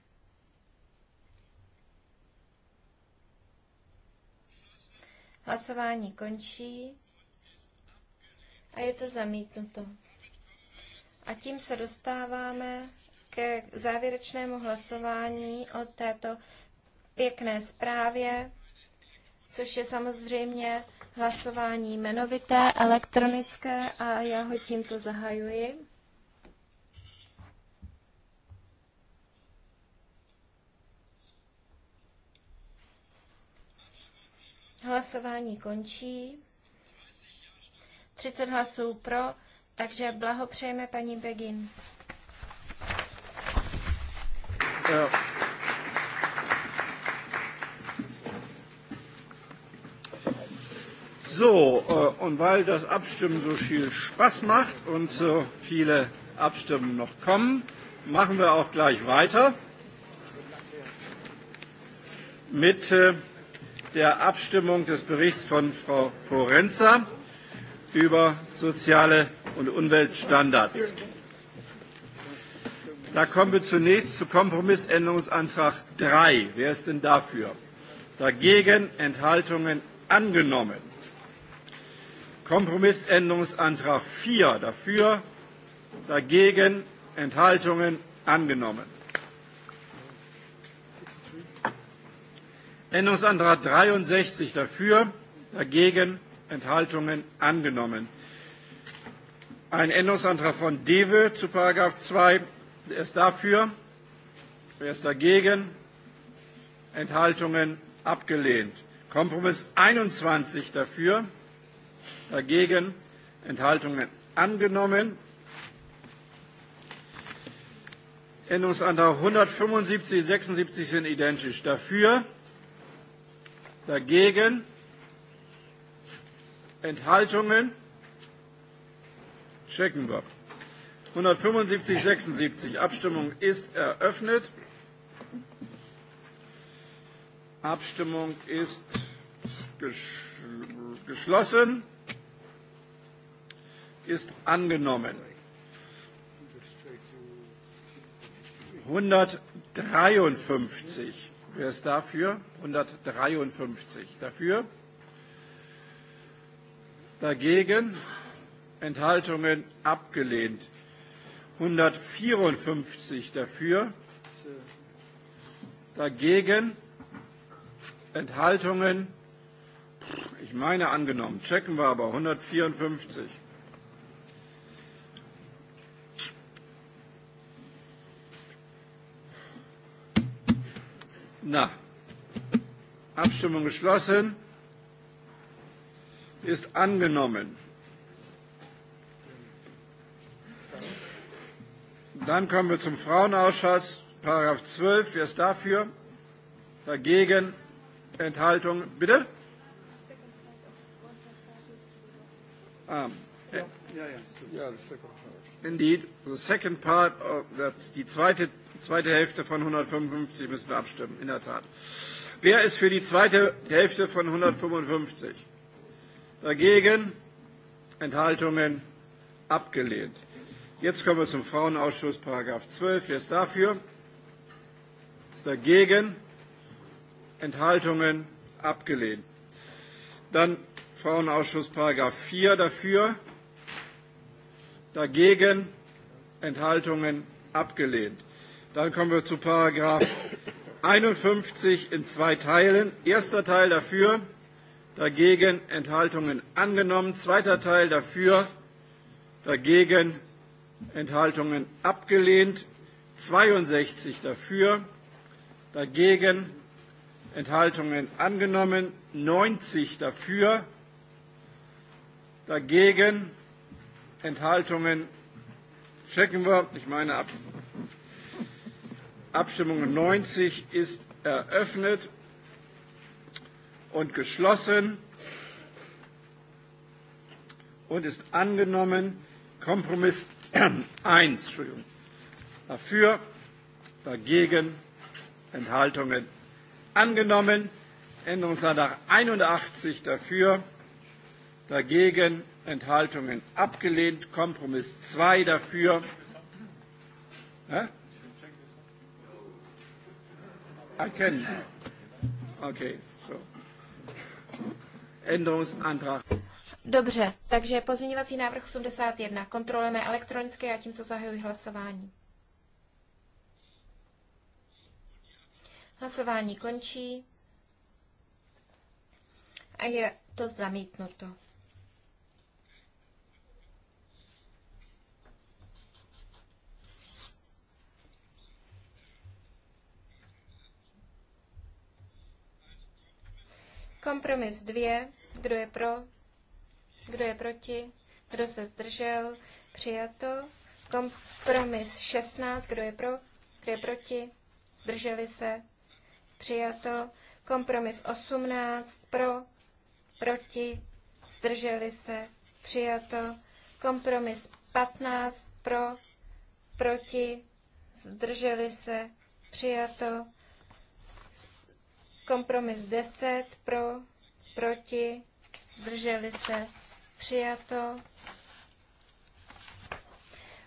Hlasování končí a je to zamítnuto. A tím se dostáváme ke závěrečnému hlasování o této pěkné zprávě, což je samozřejmě hlasování jmenovité, elektronické a já ho tímto zahajuji. Hlasování končí. 30 hlasů pro, takže blahopřejeme paní Begin.
Yeah. So, äh, und weil das Abstimmen so viel Spaß macht und so viele Abstimmen noch kommen, machen wir auch gleich weiter mit äh, der Abstimmung des Berichts von Frau Forenza über soziale und Umweltstandards. Da kommen wir zunächst zu Kompromissänderungsantrag 3. Wer ist denn dafür? Dagegen Enthaltungen angenommen. Kompromissänderungsantrag 4 dafür, dagegen Enthaltungen angenommen. Änderungsantrag 63 dafür, dagegen Enthaltungen angenommen. Ein Änderungsantrag von Dewe zu Paragraph 2. Wer ist dafür? Wer ist dagegen? Enthaltungen abgelehnt. Kompromiss 21 dafür, dagegen, Enthaltungen angenommen. Änderungsantrag 175 und 76 sind identisch. Dafür, dagegen, Enthaltungen, checken wir. 175, 76. Abstimmung ist eröffnet. Abstimmung ist geschlossen ist angenommen. 153. Wer ist dafür? 153. Dafür? Dagegen? Enthaltungen abgelehnt. 154 dafür. Dagegen? Enthaltungen? Ich meine angenommen. Checken wir aber. 154. Na, Abstimmung geschlossen. Ist angenommen. Dann kommen wir zum Frauenausschuss, Paragraph 12. Wer ist dafür? Dagegen? Enthaltung? Bitte? Ah. Indeed, the second part, of, that's die zweite Zweite Hälfte von 155 müssen wir abstimmen, in der Tat. Wer ist für die zweite Hälfte von 155? Dagegen? Enthaltungen? Abgelehnt. Jetzt kommen wir zum Frauenausschuss, Paragraph 12. Wer ist dafür? Ist dagegen? Enthaltungen? Abgelehnt. Dann Frauenausschuss, Paragraph 4. Dafür? Dagegen? Enthaltungen? Abgelehnt. Dann kommen wir zu Paragraph 51 in zwei Teilen. Erster Teil dafür, dagegen Enthaltungen angenommen. Zweiter Teil dafür, dagegen Enthaltungen abgelehnt. 62 dafür, dagegen Enthaltungen angenommen. 90 dafür, dagegen Enthaltungen checken wir. Ich meine, ab. Abstimmung 90 ist eröffnet und geschlossen und ist angenommen. Kompromiss 1 *clears throat* Entschuldigung, dafür, dagegen, Enthaltungen angenommen. Änderungsantrag 81 dafür, dagegen, Enthaltungen abgelehnt. Kompromiss 2 dafür. Ja? I can. Okay, so. Änderungsantrag.
Dobře, takže pozměňovací návrh 81. Kontrolujeme elektronicky a tímto zahajuji hlasování. Hlasování končí a je to zamítnuto. Kompromis 2. Kdo je pro? Kdo je proti? Kdo se zdržel? Přijato. Kompromis 16. Kdo je pro? Kdo je proti? Zdrželi se? Přijato. Kompromis 18. Pro? Proti? Zdrželi se? Přijato. Kompromis 15. Pro? Proti? Zdrželi se? Přijato. Kompromis 10 pro, proti, zdrželi se, přijato.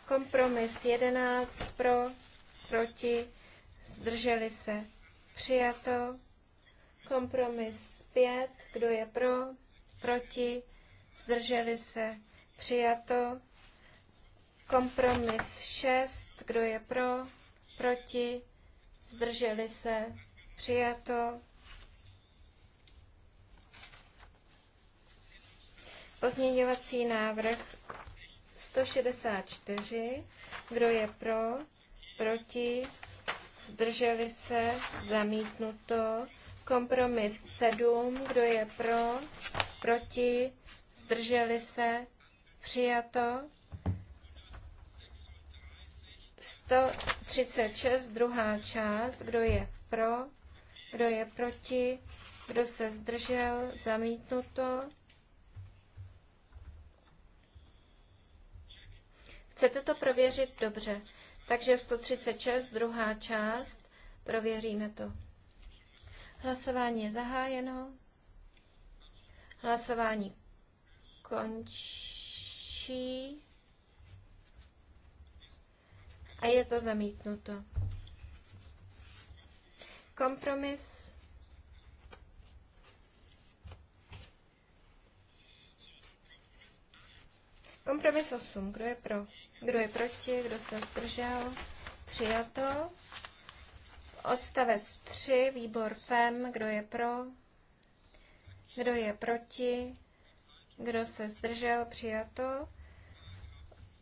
Kompromis 11 pro, proti, zdrželi se, přijato. Kompromis 5, kdo je pro, proti, zdrželi se, přijato. Kompromis 6, kdo je pro, proti, zdrželi se, přijato. Pozměňovací návrh 164. Kdo je pro? Proti? Zdrželi se? Zamítnuto. Kompromis 7. Kdo je pro? Proti? Zdrželi se? Přijato. 136, druhá část. Kdo je pro? Kdo je proti? Kdo se zdržel? Zamítnuto. Chcete to prověřit? Dobře. Takže 136, druhá část, prověříme to. Hlasování je zahájeno. Hlasování končí. A je to zamítnuto. Kompromis. Kompromis 8. Kdo je pro? Kdo je proti? Kdo se zdržel? Přijato. Odstavec 3, výbor FEM. Kdo je pro? Kdo je proti? Kdo se zdržel? Přijato.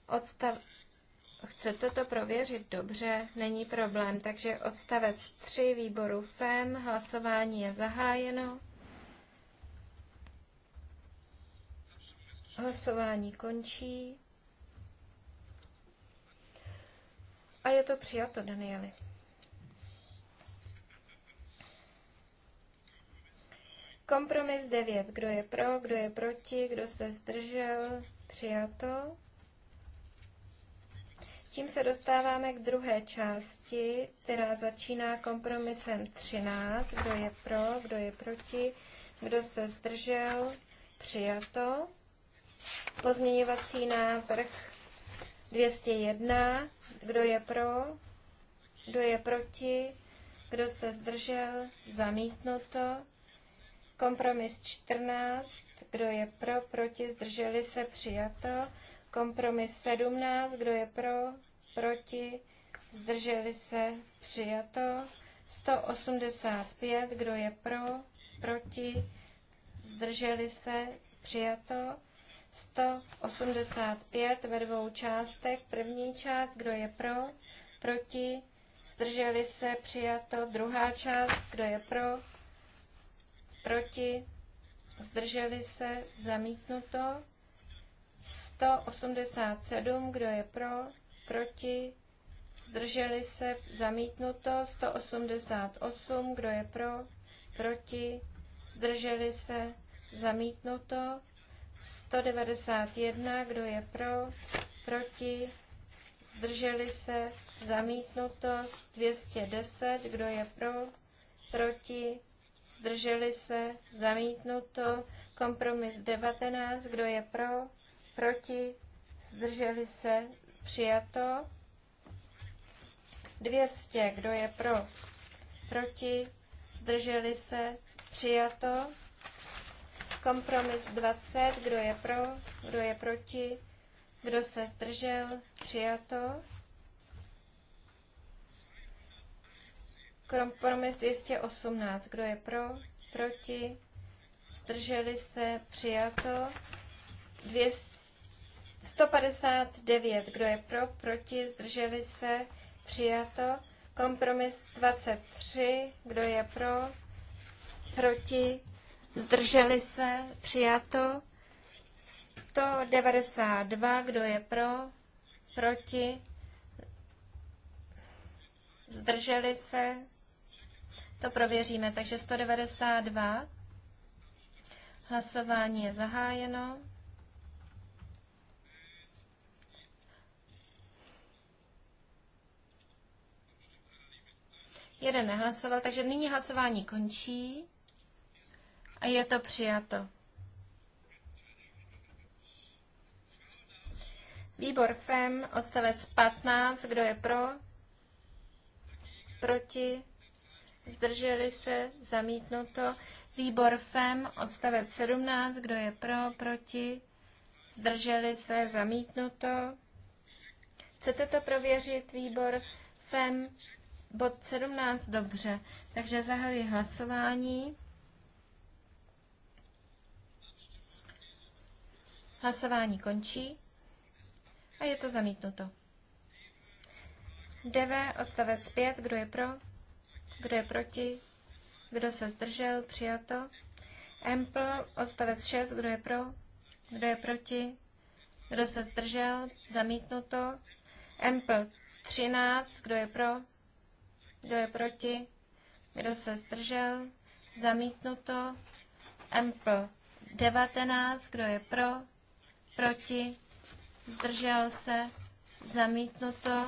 Odstav... Chcete to prověřit? Dobře, není problém. Takže odstavec 3 výboru FEM, hlasování je zahájeno. Hlasování končí. A je to přijato, Danieli. Kompromis 9. Kdo je pro, kdo je proti, kdo se zdržel, přijato. Tím se dostáváme k druhé části, která začíná kompromisem 13. Kdo je pro, kdo je proti, kdo se zdržel, přijato. Pozměňovací návrh 201. Kdo je pro? Kdo je proti? Kdo se zdržel? Zamítnuto. Kompromis 14. Kdo je pro? Proti? Zdrželi se? Přijato. Kompromis 17. Kdo je pro? Proti? Zdrželi se? Přijato. 185. Kdo je pro? Proti? Zdrželi se? Přijato. 185 ve dvou částech. První část, kdo je pro, proti, zdrželi se, přijato. Druhá část, kdo je pro, proti, zdrželi se, zamítnuto. 187, kdo je pro, proti, zdrželi se, zamítnuto. 188, kdo je pro, proti, zdrželi se, zamítnuto. 191, kdo je pro, proti, zdrželi se, zamítnuto, 210, kdo je pro, proti, zdrželi se, zamítnuto, kompromis 19, kdo je pro, proti, zdrželi se, přijato, 200, kdo je pro, proti, zdrželi se, přijato, Kompromis 20, kdo je pro, kdo je proti, kdo se zdržel, přijato. Kompromis 218, kdo je pro, proti, zdrželi se, přijato. 159, kdo je pro, proti, zdrželi se, přijato. Kompromis 23, kdo je pro, proti, zdrželi se, přijato. 192, kdo je pro, proti, zdrželi se, to prověříme, takže 192, hlasování je zahájeno. Jeden nehlasoval, takže nyní hlasování končí. A je to přijato. Výbor FEM, odstavec 15, kdo je pro? Proti? Zdrželi se? Zamítnuto. Výbor FEM, odstavec 17, kdo je pro? Proti? Zdrželi se? Zamítnuto. Chcete to prověřit, výbor FEM, bod 17? Dobře. Takže zahajuji hlasování. Hlasování končí a je to zamítnuto. DV odstavec 5, kdo je pro, kdo je proti, kdo se zdržel, přijato. Ample odstavec 6, kdo je pro, kdo je proti, kdo se zdržel, zamítnuto. Ample 13, kdo je pro, kdo je proti, kdo se zdržel, zamítnuto. Ample 19, kdo je pro, proti, zdržel se, zamítnuto.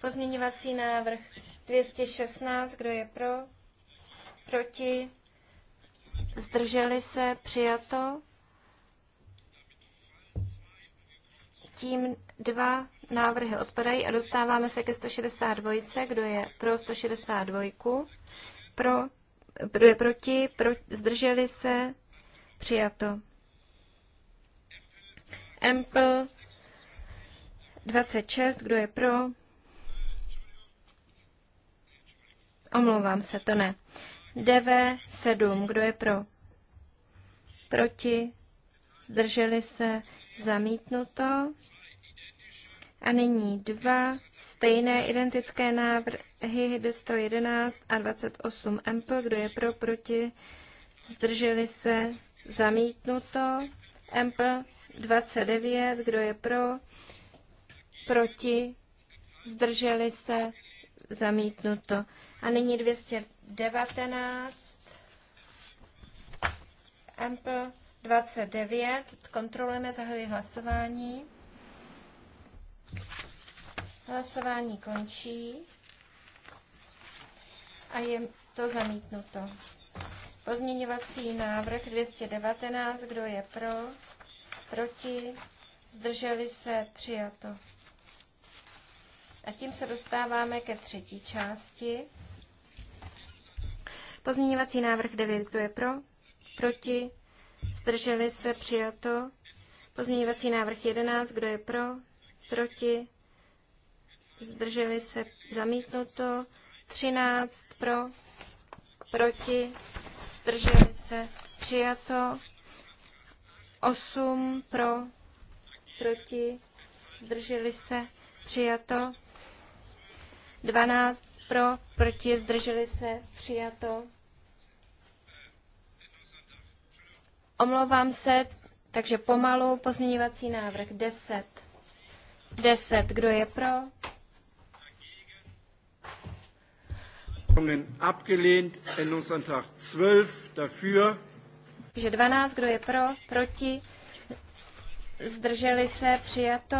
Pozměňovací návrh 216, kdo je pro, proti, zdrželi se, přijato. Tím dva návrhy odpadají a dostáváme se ke 162, kdo je pro 162, pro, kdo je proti, pro, zdrželi se, přijato. Empl 26, kdo je pro? Omlouvám se, to ne. DV 7, kdo je pro? Proti? Zdrželi se? Zamítnuto. A nyní dva stejné identické návrhy 111 a 28 MP. Kdo je pro, proti? Zdrželi se? Zamítnuto. MP 29, kdo je pro, proti, zdrželi se, zamítnuto. A nyní 219, Ample 29, kontrolujeme, zahajuji hlasování. Hlasování končí a je to zamítnuto. Pozměňovací návrh 219, kdo je pro? proti, zdrželi se, přijato. A tím se dostáváme ke třetí části. Pozměňovací návrh 9, kdo je pro, proti, zdrželi se, přijato. Pozměňovací návrh 11, kdo je pro, proti, zdrželi se, zamítnuto. 13 pro, proti, zdrželi se, přijato. 8 pro, proti, zdrželi se, přijato. 12 pro, proti, zdrželi se, přijato. Omlouvám se, takže pomalu pozměňovací návrh 10. 10. Kdo je pro?
Abgelehnt, Änderungsantrag 12 dafür
takže 12, kdo je pro, proti, zdrželi se, přijato.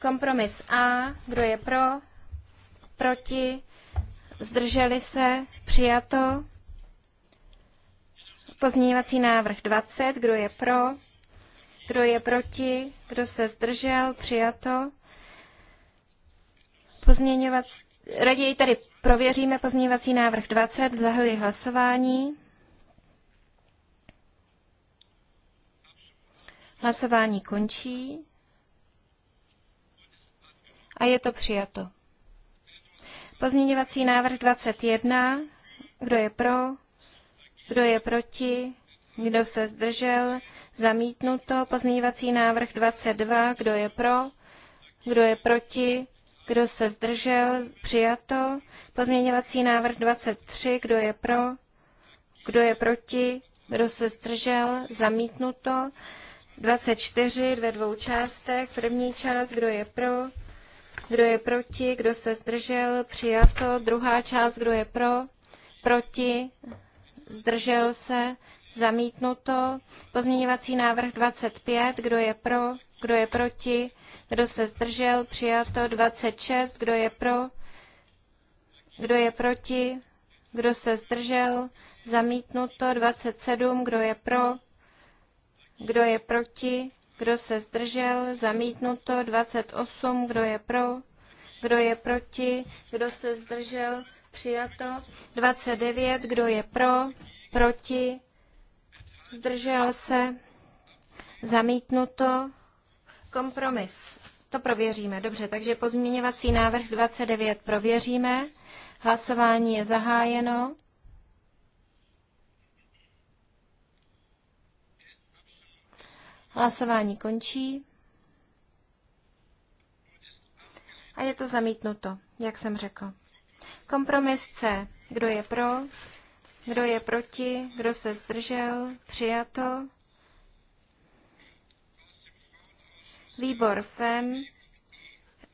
Kompromis A, kdo je pro, proti, zdrželi se, přijato. Pozměňovací návrh 20, kdo je pro, kdo je proti, kdo se zdržel, přijato. Pozměňovací, raději tady prověříme pozměňovací návrh 20, zahajuji hlasování. Hlasování končí a je to přijato. Pozměňovací návrh 21. Kdo je pro? Kdo je proti? Kdo se zdržel? Zamítnuto. Pozměňovací návrh 22. Kdo je pro? Kdo je proti? Kdo se zdržel? Přijato. Pozměňovací návrh 23. Kdo je pro? Kdo je proti? Kdo se zdržel? Zamítnuto. 24 ve dvou částech. První část, kdo je pro, kdo je proti, kdo se zdržel, přijato. Druhá část, kdo je pro, proti, zdržel se, zamítnuto. Pozměňovací návrh 25, kdo je pro, kdo je proti, kdo se zdržel, přijato. 26, kdo je pro, kdo je proti, kdo se zdržel, zamítnuto. 27, kdo je pro, kdo je proti, kdo se zdržel, zamítnuto 28, kdo je pro, kdo je proti, kdo se zdržel, přijato 29, kdo je pro, proti, zdržel se, zamítnuto, kompromis. To prověříme. Dobře, takže pozměňovací návrh 29 prověříme. Hlasování je zahájeno. Hlasování končí. A je to zamítnuto, jak jsem řekl. Kompromis C. Kdo je pro? Kdo je proti? Kdo se zdržel? Přijato. Výbor FEM.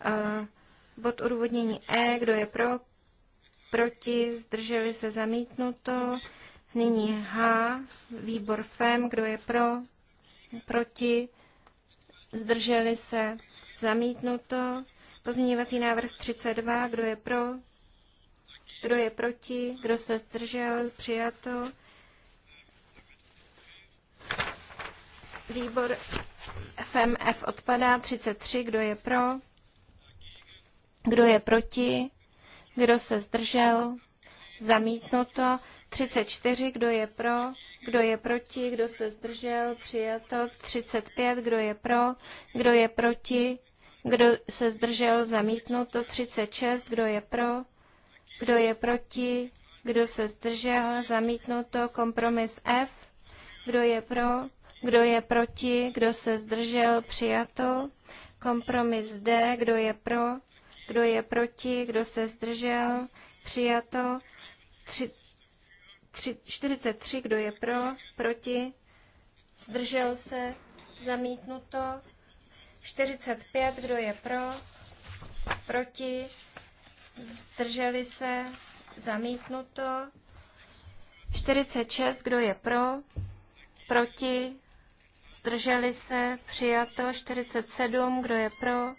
Eh, bod odůvodnění E. Kdo je pro? Proti? Zdrželi se zamítnuto. Nyní H. Výbor FEM. Kdo je pro? proti, zdrželi se, zamítnuto. Pozměňovací návrh 32, kdo je pro, kdo je proti, kdo se zdržel, přijato. Výbor FMF odpadá 33, kdo je pro, kdo je proti, kdo se zdržel, zamítnuto 34, kdo je pro, kdo je proti, kdo se zdržel, přijato 35, kdo je pro, kdo je proti, kdo se zdržel, zamítnuto 36, kdo je pro, kdo je proti, kdo se zdržel, zamítnuto kompromis F, kdo je pro, kdo je proti, kdo se zdržel, přijato kompromis D, kdo je pro, kdo je proti, kdo se zdržel, přijato 43, kdo je pro, proti, zdržel se, zamítnuto. 45, kdo je pro, proti, zdrželi se, zamítnuto. 46, kdo je pro, proti, zdrželi se, přijato. 47, kdo je pro,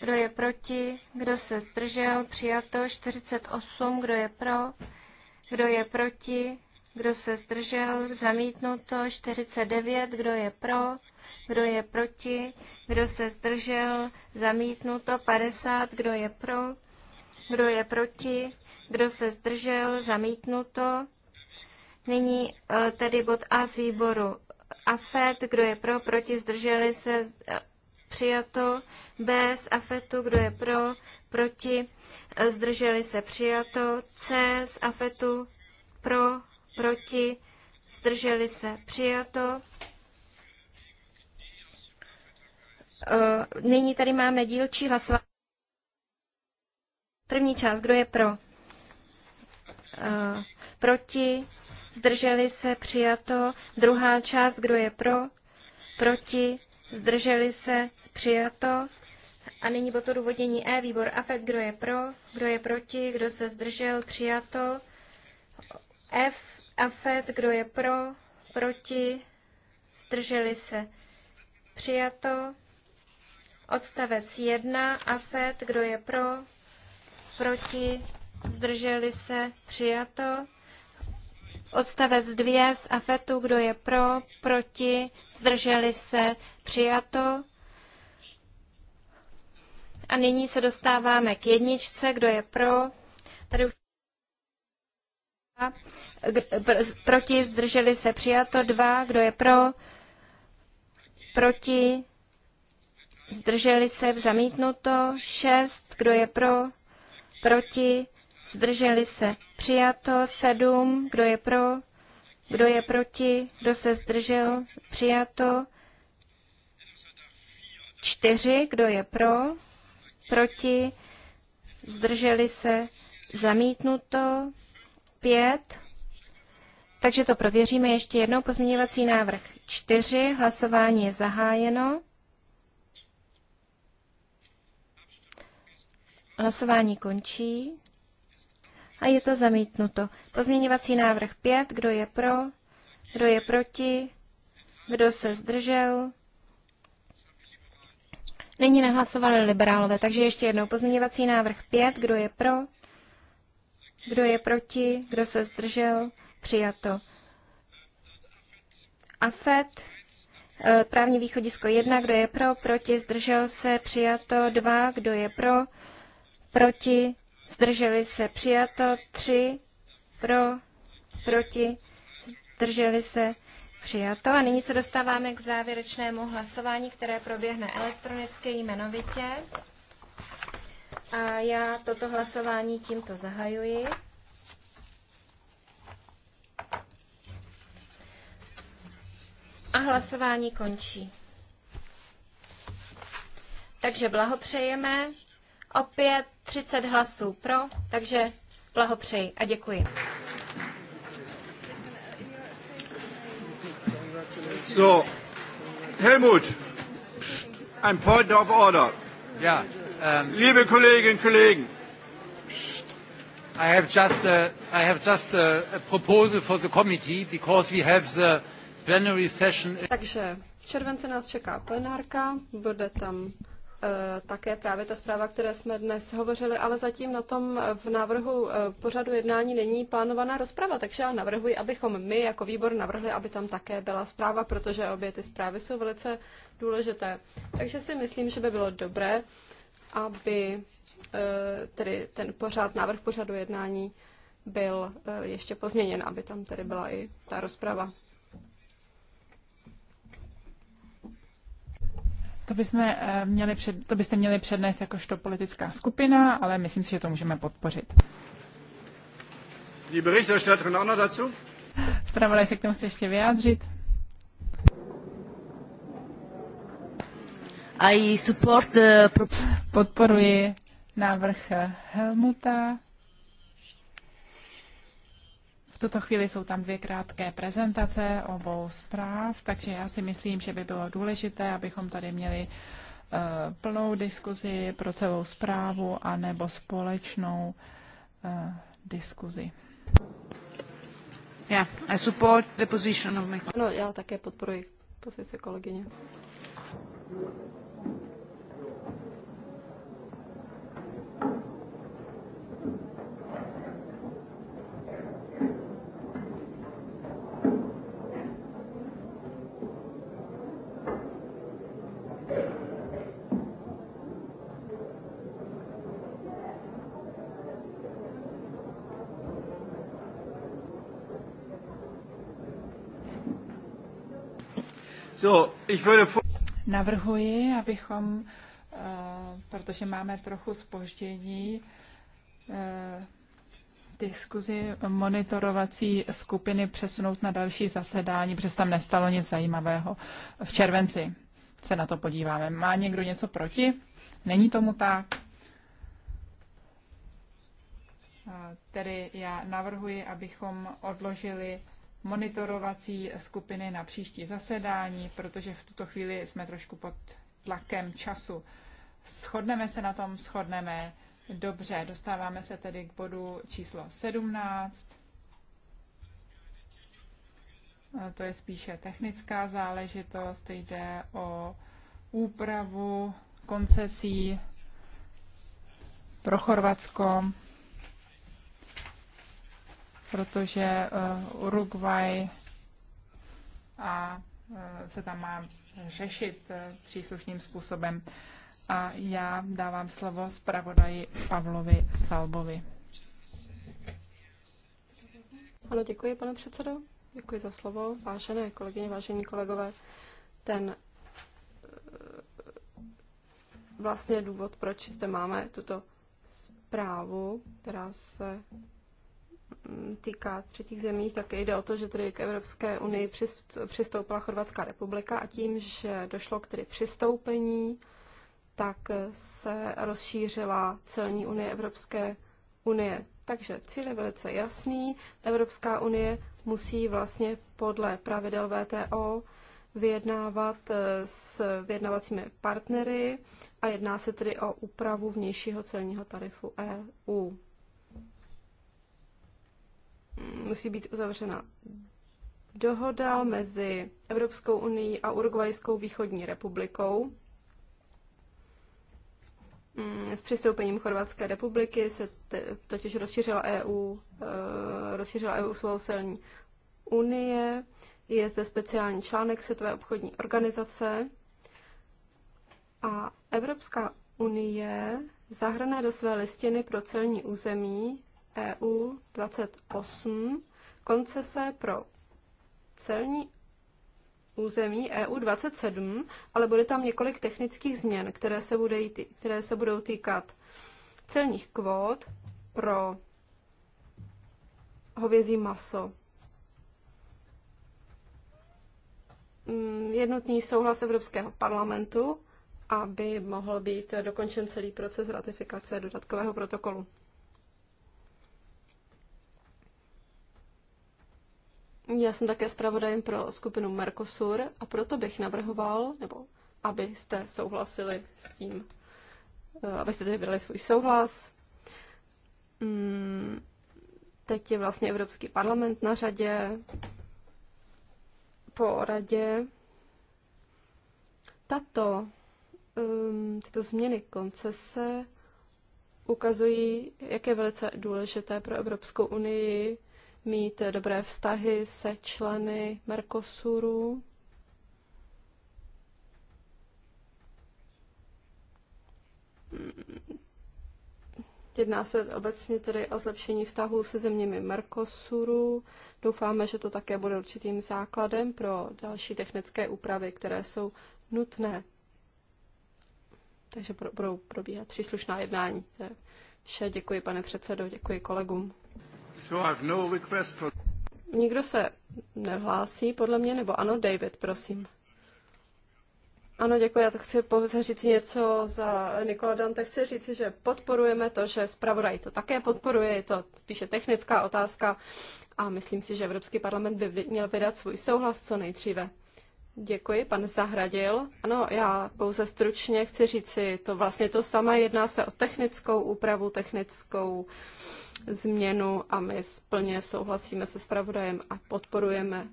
kdo je proti, kdo se zdržel, přijato. 48, kdo je pro, kdo je proti? Kdo se zdržel? Zamítnuto. 49. Kdo je pro? Kdo je proti? Kdo se zdržel? Zamítnuto. 50. Kdo je pro? Kdo je proti? Kdo se zdržel? Zamítnuto. Nyní eh, tedy bod A z výboru AFET. Kdo je pro? Proti? Zdrželi se? Eh, přijato. B z afetu, kdo je pro, proti, zdrželi se přijato. C z afetu, pro, proti, zdrželi se přijato. E, nyní tady máme dílčí hlasování. První část, kdo je pro? E, proti, zdrželi se, přijato. Druhá část, kdo je pro? Proti, zdrželi se, přijato. A nyní po to důvodění E, výbor AFET, kdo je pro, kdo je proti, kdo se zdržel, přijato. F, AFET, kdo je pro, proti, zdrželi se, přijato. Odstavec 1, AFET, kdo je pro, proti, zdrželi se, přijato. Odstavec 2 z AFETu, kdo je pro, proti, zdrželi se, přijato. A nyní se dostáváme k jedničce, kdo je pro. Tady už proti, zdrželi se, přijato. Dva, kdo je pro, proti, zdrželi se, zamítnuto. Šest, kdo je pro, proti, zdrželi se, přijato. sedm. kdo je pro, kdo je proti, kdo se zdržel, přijato. čtyři. kdo je pro, proti, zdrželi se, zamítnuto. Pět. takže to prověříme ještě jednou. Pozměňovací návrh Čtyři. Hlasování je zahájeno. Hlasování končí a je to zamítnuto. Pozměňovací návrh 5, kdo je pro, kdo je proti, kdo se zdržel. Nyní nehlasovali liberálové, takže ještě jednou pozměňovací návrh 5, kdo je pro, kdo je proti, kdo se zdržel, přijato. AFET, eh, právní východisko 1, kdo je pro, proti, zdržel se, přijato 2, kdo je pro, proti, zdrželi se přijato, 3 pro, proti, zdrželi se přijato. A nyní se dostáváme k závěrečnému hlasování, které proběhne elektronicky jmenovitě. A já toto hlasování tímto zahajuji. A hlasování končí. Takže blahopřejeme. Opět 30 hlasů pro, takže blahopřeji a děkuji.
So, Helmut, ein point of order. Ja, um, Liebe Kolleginnen und Kollegen,
I have just, a, I have just a, a proposal for the committee because we have the plenary session.
Takže v července nás čeká plenárka, bude tam Eh, také právě ta zpráva, které jsme dnes hovořili, ale zatím na tom eh, v návrhu eh, pořadu jednání není plánovaná rozprava, takže já navrhuji, abychom my jako výbor navrhli, aby tam také byla zpráva, protože obě ty zprávy jsou velice důležité. Takže si myslím, že by bylo dobré, aby tedy ten pořád, návrh pořadu jednání byl ještě pozměněn, aby tam tedy byla i ta rozprava.
To, bychom eh, měli před, to byste měli přednést jakožto politická skupina, ale myslím si, že to můžeme podpořit.
Die Berichterstatterin auch dazu?
Spravodaj se k tomu se ještě vyjádřit. I support the... Podporuji návrh eh, Helmuta tuto chvíli jsou tam dvě krátké prezentace obou zpráv, takže já si myslím, že by bylo důležité, abychom tady měli eh, plnou diskuzi pro celou zprávu a nebo společnou eh, diskuzi. Yeah, I support the position of my...
Ano, já také podporuji pozici kolegyně.
Navrhuji, abychom, eh, protože máme trochu spoždění, eh, diskuzi monitorovací skupiny přesunout na další zasedání, protože tam nestalo nic zajímavého. V červenci se na to podíváme. Má někdo něco proti? Není tomu tak? Eh, tedy já navrhuji, abychom odložili monitorovací skupiny na příští zasedání, protože v tuto chvíli jsme trošku pod tlakem času. Shodneme se na tom, shodneme. Dobře, dostáváme se tedy k bodu číslo 17. To je spíše technická záležitost, jde o úpravu koncesí pro Chorvatsko protože eh, Uruguay a eh, se tam má řešit eh, příslušným způsobem. A já dávám slovo zpravodaji Pavlovi Salbovi. Ano, děkuji, pane předsedo. Děkuji za slovo.
Vážené kolegyně, vážení kolegové, ten vlastně důvod, proč zde máme tuto zprávu, která se týká třetích zemí, tak jde o to, že tedy k Evropské unii přistoupila Chorvatská republika a tím, že došlo k tedy přistoupení, tak se rozšířila celní unie Evropské unie. Takže cíl je velice jasný. Evropská unie musí vlastně podle pravidel VTO vyjednávat eh, s vyjednavacími partnery a jedná se tedy o úpravu vnějšího celního tarifu EU musí být uzavřena dohoda mezi Evropskou unii a Uruguajskou východní republikou. Mm, s přistoupením Chorvatské republiky se totiž rozšířila EU, eh, rozšířila EU svou silní unie. Je zde speciální článek Světové obchodní organizace a Evropská unie zahrne do své listiny pro celní území EU 28 koncese pro celní území EU 27, ale bude tam několik technických změn, které se, bude, které se budou týkat celních kvót pro hovězí maso. Mm, jednotný souhlas Evropského parlamentu, aby mohl být dokončen celý proces ratifikace dodatkového protokolu. Já jsem také zpravodajem pro skupinu Mercosur a proto bych navrhoval, nebo abyste souhlasili s tím, eh, abyste tedy vydali svůj souhlas. Mm, teď je vlastně Evropský parlament na řadě, po radě. Tato, ehm, tyto změny koncese ukazují, jak je velice důležité pro Evropskou unii mít dobré vztahy se členy Mercosuru. Jedná se obecně tedy o zlepšení vztahů se zeměmi Mercosuru. Doufáme, že to také bude určitým základem pro další technické úpravy, které jsou nutné. Takže budou probíhat příslušná jednání. To je vše. Děkuji, pane předsedo, děkuji kolegům. No Nikdo se nehlásí, podle mě, nebo ano, David, prosím. Ano, děkuji. Já to chci pouze říct něco za Nikola Dante. Chci říct, že podporujeme to, že zpravodaj to také podporuje. Je to spíše technická otázka a myslím si, že Evropský parlament by měl vydat svůj souhlas co nejdříve. Děkuji, pan Zahradil. Ano, já pouze stručně chci říct si to vlastně to samé. Jedná se o technickou úpravu, technickou změnu a my plně souhlasíme se spravodajem a podporujeme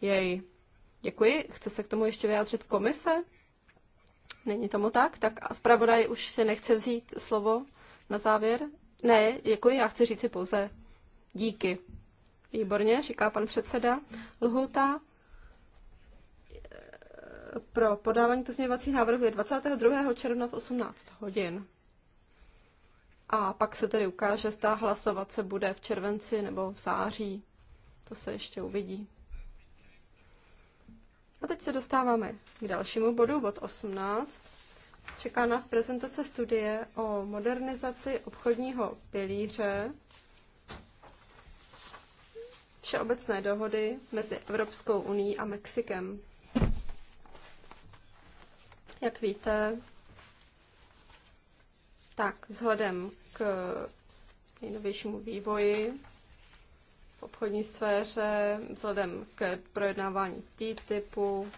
jej. Děkuji. Chce se k tomu ještě vyjádřit komise? Není tomu tak? Tak a zpravodaj už se nechce vzít slovo na závěr? Ne, děkuji, já chci říci pouze díky. Výborně, říká pan předseda. Lhuta eh, pro podávání pozměňovacích návrhů je 22. června v 18 hodin. A pak se tedy ukáže, zda hlasovat se bude v červenci nebo v září. To se ještě uvidí. A teď se dostáváme k dalšímu bodu, bod 18. Čeká nás prezentace studie o modernizaci obchodního pilíře Všeobecné dohody mezi Evropskou uní a Mexikem. Jak víte, tak, vzhledem k nejnovějšímu vývoji v obchodní sféře, vzhledem k projednávání T-typu,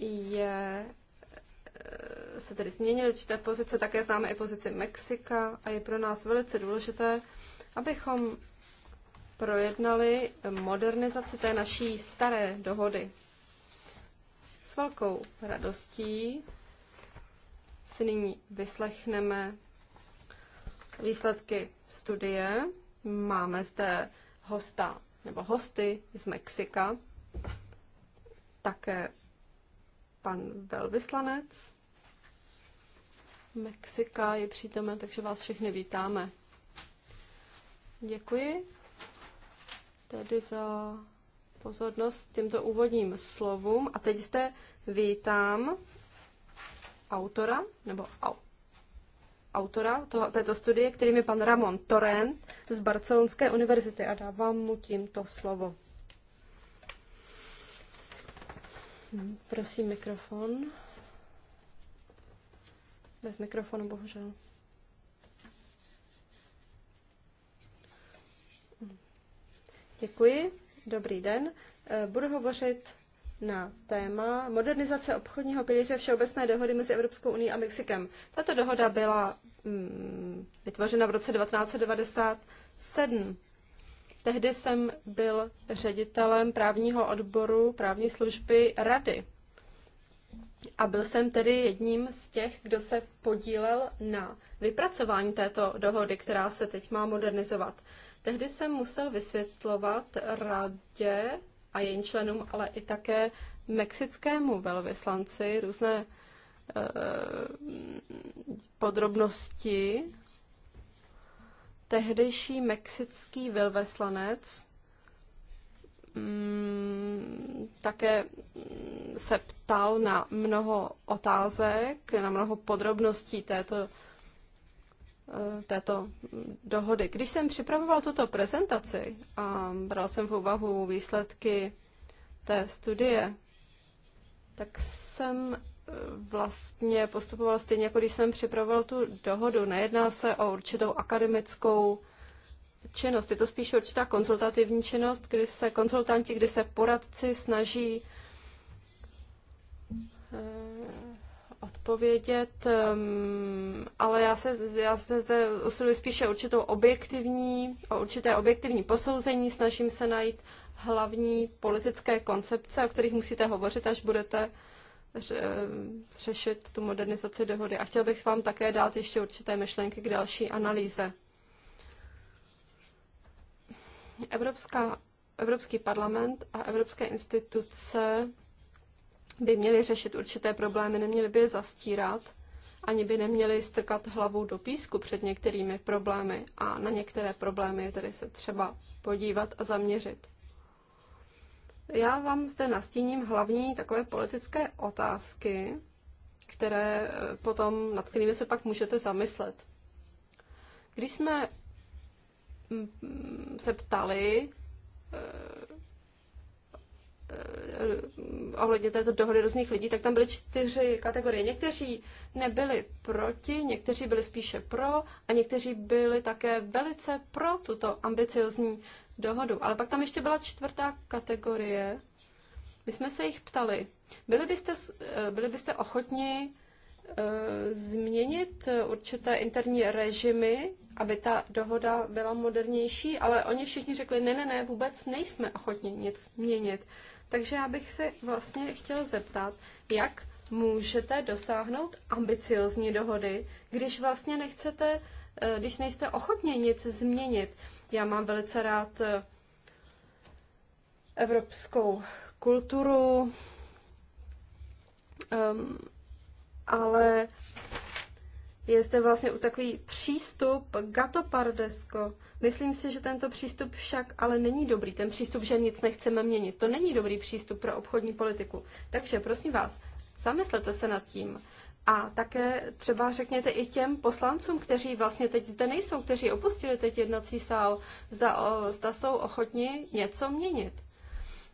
je, eh, se tedy změnily určité pozice, také známe i pozici Mexika a je pro nás velice důležité, abychom projednali modernizaci té naší staré dohody. S velkou radostí si nyní vyslechneme výsledky studie. Máme zde hosta nebo hosty z Mexika, také pan velvyslanec Mexika je přítomen, takže vás všechny vítáme. Děkuji tedy za pozornost těmto úvodním slovům. A teď jste vítám autora, nebo au, autora toho, této studie, kterým je pan Ramon Torrent z Barcelonské univerzity a dávám mu tímto slovo. Prosím mikrofon. Bez mikrofonu, bohužel. Děkuji. Dobrý den. Budu hovořit na téma modernizace obchodního pilíře Všeobecné dohody mezi Evropskou unii a Mexikem. Tato dohoda byla mm, vytvořena v roce 1997. Tehdy jsem byl ředitelem právního odboru právní služby Rady. A byl jsem tedy jedním z těch, kdo se podílel na vypracování této dohody, která se teď má modernizovat. Tehdy jsem musel vysvětlovat radě, a jejím členům, ale i také mexickému velvyslanci různé eh, podrobnosti. Tehdejší mexický velvyslanec
mm,
také se ptal na mnoho otázek, na mnoho podrobností této Eh, této dohody. Když jsem připravoval tuto prezentaci a bral jsem v úvahu výsledky té studie, tak jsem eh, vlastně postupoval stejně, jako když jsem připravoval tu dohodu. Nejedná se o určitou akademickou činnost, je to spíše určitá konzultativní činnost, kdy se konzultanti, kdy se poradci snaží eh, odpovědět, ehm, ale já se, já se zde usiluji spíše určitou objektivní, o určité objektivní posouzení, snažím se najít hlavní politické koncepce, o kterých musíte hovořit, až budete řešit tu modernizaci dohody. A chtěl bych vám také dát ještě určité myšlenky k další analýze. Evropská, Evropský parlament a evropské instituce by měli řešit určité problémy, neměli by je zastírat, ani by neměli strkat hlavu do písku před některými problémy a na některé problémy je tedy se třeba podívat a zaměřit. Já vám zde nastíním hlavní takové politické otázky, které eh, potom, nad kterými se pak můžete zamyslet. Když jsme mm, mm, se ptali eh, Eh, ohledně této dohody různých lidí, tak tam byly čtyři kategorie. Někteří nebyli proti, někteří byli spíše pro a někteří byli také velice pro tuto ambiciozní dohodu. Ale pak tam ještě byla čtvrtá kategorie. My jsme se jich ptali, byli byste, eh, byli byste ochotni eh, změnit určité interní režimy, aby ta dohoda byla modernější, ale oni všichni řekli, ne, ne, ne, vůbec nejsme ochotni nic měnit. Takže já bych se vlastně chtěl zeptat, jak můžete dosáhnout ambiciozní dohody, když vlastně nechcete, eh, když nejste ochotně nic změnit. Já mám velice rád eh, evropskou kulturu, um, ale je zde vlastně takový přístup gatopardesko. Myslím si, že tento přístup však ale není dobrý. Ten přístup, že nic nechceme měnit, to není dobrý přístup pro obchodní politiku. Takže prosím vás, zamyslete se nad tím. A také třeba řekněte i těm poslancům, kteří vlastně teď zde nejsou, kteří opustili teď jednací sál, zda, o, zda jsou ochotni něco měnit.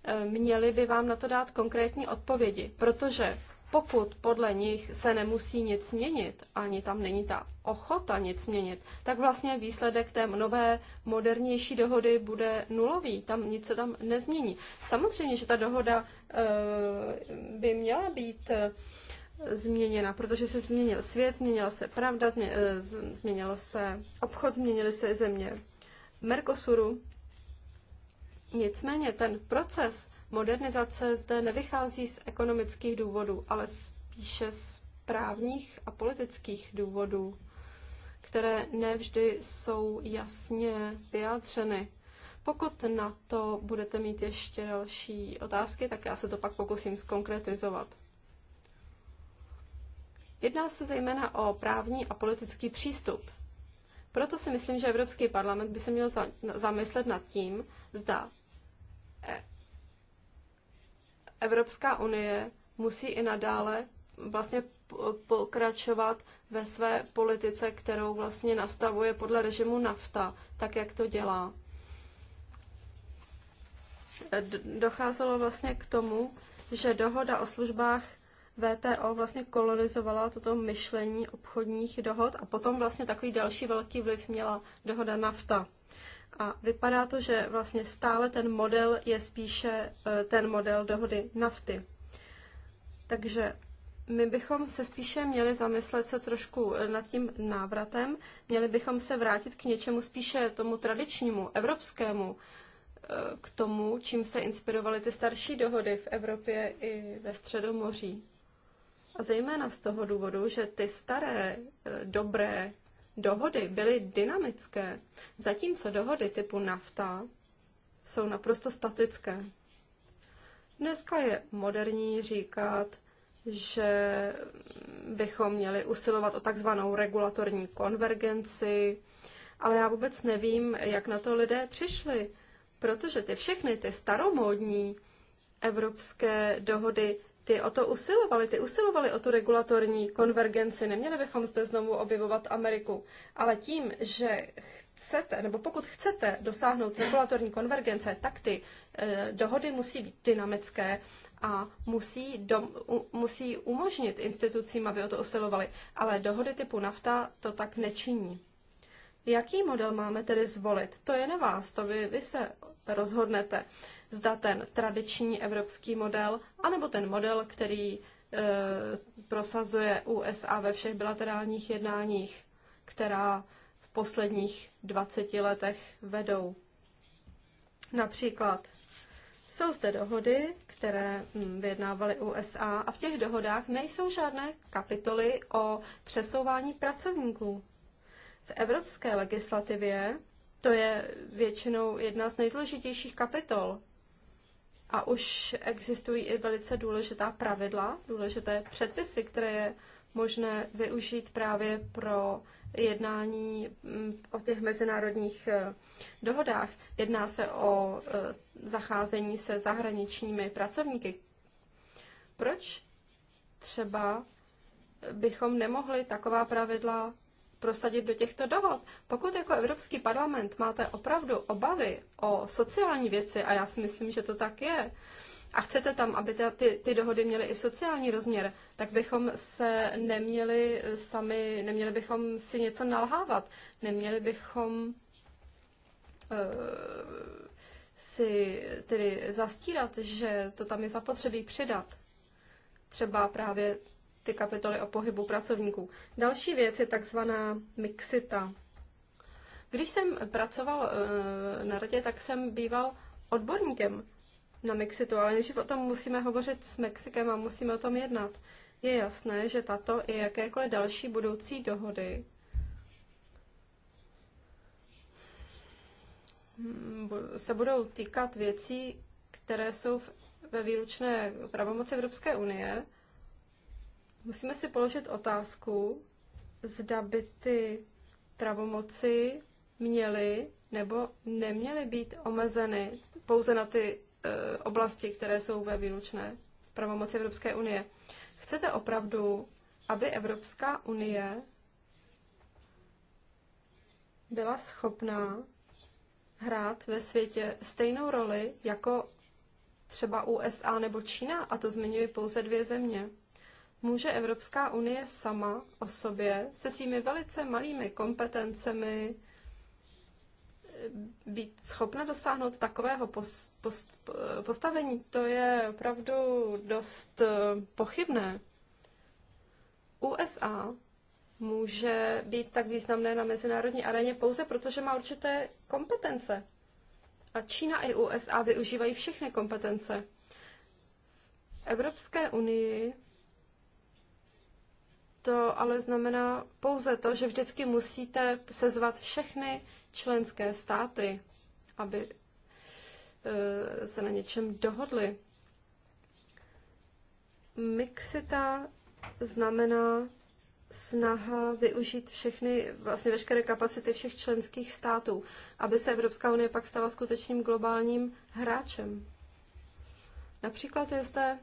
E, měli by vám na to dát konkrétní odpovědi, protože pokud podle nich se nemusí nic měnit, ani tam není ta ochota nic měnit, tak vlastně výsledek té nové, modernější dohody bude nulový. Tam nic se tam nezmění. Samozřejmě, že ta dohoda eh, by měla být eh, změněna, protože se změnil svět, změnila se pravda, eh, změnil se obchod, změnily se země Mercosuru. Nicméně ten proces Modernizace zde nevychází z ekonomických důvodů, ale spíše z právních a politických důvodů, které nevždy jsou jasně vyjádřeny. Pokud na to budete mít ještě další otázky, tak já se to pak pokusím zkonkretizovat. Jedná se zejména o právní a politický přístup. Proto si myslím, že Evropský parlament by se měl zamyslet nad tím, zda Evropská unie musí i nadále vlastně pokračovat ve své politice, kterou vlastně nastavuje podle režimu NAFTA, tak jak to dělá. Docházelo vlastně k tomu, že dohoda o službách VTO vlastně kolonizovala toto myšlení obchodních dohod a potom vlastně takový další velký vliv měla dohoda NAFTA. A vypadá to, že vlastně stále ten model je spíše eh, ten model dohody nafty. Takže my bychom se spíše měli zamyslet se trošku eh, nad tím návratem, měli bychom se vrátit k něčemu spíše tomu tradičnímu, evropskému, eh, k tomu, čím se inspirovaly ty starší dohody v Evropě i ve Středomoří. A zejména z toho důvodu, že ty staré, dobré dohody byly dynamické, zatímco dohody typu nafta jsou naprosto statické. Dneska je moderní říkat, že bychom měli usilovat o takzvanou regulatorní konvergenci, ale já vůbec nevím, jak na to lidé přišli, protože ty všechny ty staromódní evropské dohody ty o to usilovali, ty usilovali o tu regulatorní konvergenci. Neměli bychom zde znovu objevovat Ameriku. Ale tím, že chcete, nebo pokud chcete dosáhnout regulatorní konvergence, tak ty eh, dohody musí být dynamické a musí, do, u, musí umožnit institucím, aby o to usilovali. Ale dohody typu nafta to tak nečiní. Jaký model máme tedy zvolit? To je na vás, to vy, vy se rozhodnete. Eh, zda ten tradiční evropský model, anebo ten model, který e, prosazuje USA ve všech bilaterálních jednáních, která v posledních 20 letech vedou. Například jsou zde dohody, které mm, vyjednávaly USA a v těch dohodách nejsou žádné kapitoly o přesouvání pracovníků. V evropské legislativě to je většinou jedna z nejdůležitějších kapitol a už existují i velice důležitá pravidla, důležité předpisy, které je možné využít právě pro jednání mm, o těch mezinárodních eh, dohodách. Jedná se o eh, zacházení se zahraničními pracovníky. Proč třeba bychom nemohli taková pravidla prosadit do těchto dohod. Pokud jako Evropský parlament máte opravdu obavy o sociální věci, a já si myslím, že to tak je, a chcete tam, aby ta, ty, ty dohody měly i sociální rozměr, tak bychom se neměli sami, neměli bychom si něco nalhávat, neměli bychom uh, si tedy zastírat, že to tam je zapotřebí přidat. Třeba právě ty kapitoly o pohybu pracovníků. Další věc je takzvaná mixita. Když jsem pracoval eh, na radě, tak jsem býval odborníkem na mixitu. ale než o tom musíme hovořit s Mexikem a musíme o tom jednat. Je jasné, že tato i jakékoliv další budoucí dohody hmm, se budou týkat věcí, které jsou ve výručné pravomoci Evropské unie, Musíme si položit otázku, zda by ty pravomoci měly nebo neměly být omezeny pouze na ty e, oblasti, které jsou ve výlučné pravomoci Evropské unie. Chcete opravdu, aby Evropská unie byla schopná hrát ve světě stejnou roli jako třeba USA nebo Čína, a to zmiňuje pouze dvě země může Evropská unie sama o sobě se svými velice malými kompetencemi eh, být schopna dosáhnout takového post, post, postavení, to je opravdu dost eh, pochybné. USA může být tak významné na mezinárodní aréně pouze proto, že má určité kompetence. A Čína i USA využívají všechny kompetence. V Evropské unii to ale znamená pouze to, že vždycky musíte sezvat všechny členské státy, aby e, se na něčem dohodli. Mixita znamená snaha využít všechny, vlastně veškeré kapacity všech členských států, aby se Evropská unie pak stala skutečným globálním hráčem. Například je zde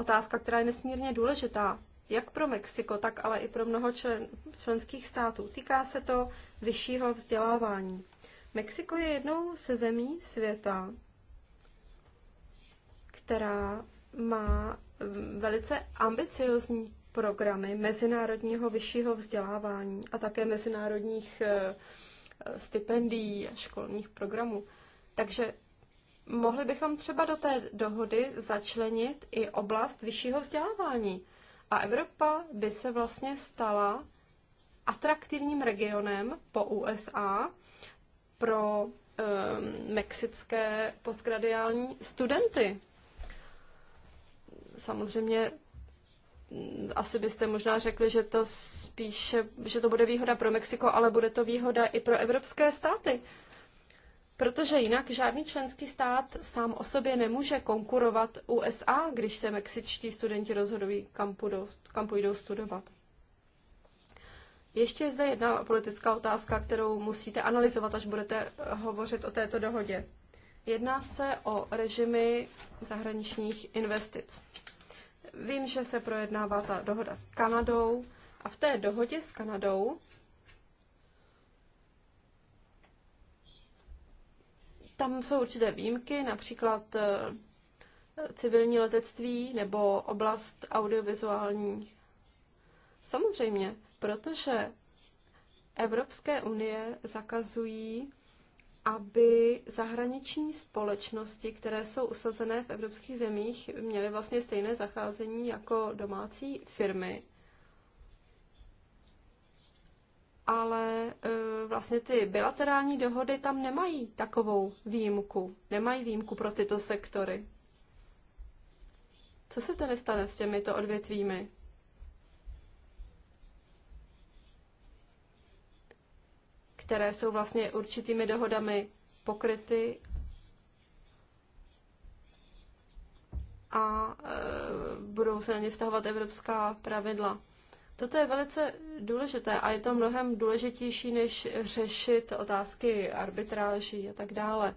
otázka, která je nesmírně důležitá, jak pro Mexiko, tak ale i pro mnoho člen, členských států. Týká se to vyššího vzdělávání. Mexiko je jednou ze zemí světa, která má mm, velice ambiciozní programy mezinárodního vyššího vzdělávání a také mezinárodních eh, eh, stipendií a školních programů. Takže mohli bychom třeba do té dohody začlenit i oblast vyššího vzdělávání. A Evropa by se vlastně stala atraktivním regionem po USA pro um, mexické postgradiální studenty. Samozřejmě mm, asi byste možná řekli, že to spíše, že to bude výhoda pro Mexiko, ale bude to výhoda i pro evropské státy. Uh, protože jinak žádný členský stát sám o sobě nemůže konkurovat USA, když se mexičtí studenti rozhodují, kam půjdou, kam půjdou studovat. Ještě je zde jedna politická otázka, kterou musíte analyzovat, až budete hovořit o této dohodě. Jedná se o režimy zahraničních investic. Vím, že se projednává ta dohoda s Kanadou a v té dohodě s Kanadou Tam jsou určité výjimky, například eh, civilní letectví nebo oblast audiovizuální. Samozřejmě, protože Evropské unie zakazují, aby zahraniční společnosti, které jsou usazené v evropských zemích, měly vlastně stejné zacházení jako domácí firmy. ale eh, vlastně ty bilaterální dohody tam nemají takovou výjimku. Nemají výjimku pro tyto sektory. Co se tedy stane s těmito odvětvími? které jsou vlastně určitými dohodami pokryty a e, budou se na ně vztahovat evropská pravidla. Toto je velice důležité a je to mnohem důležitější, než řešit otázky arbitráží a tak dále.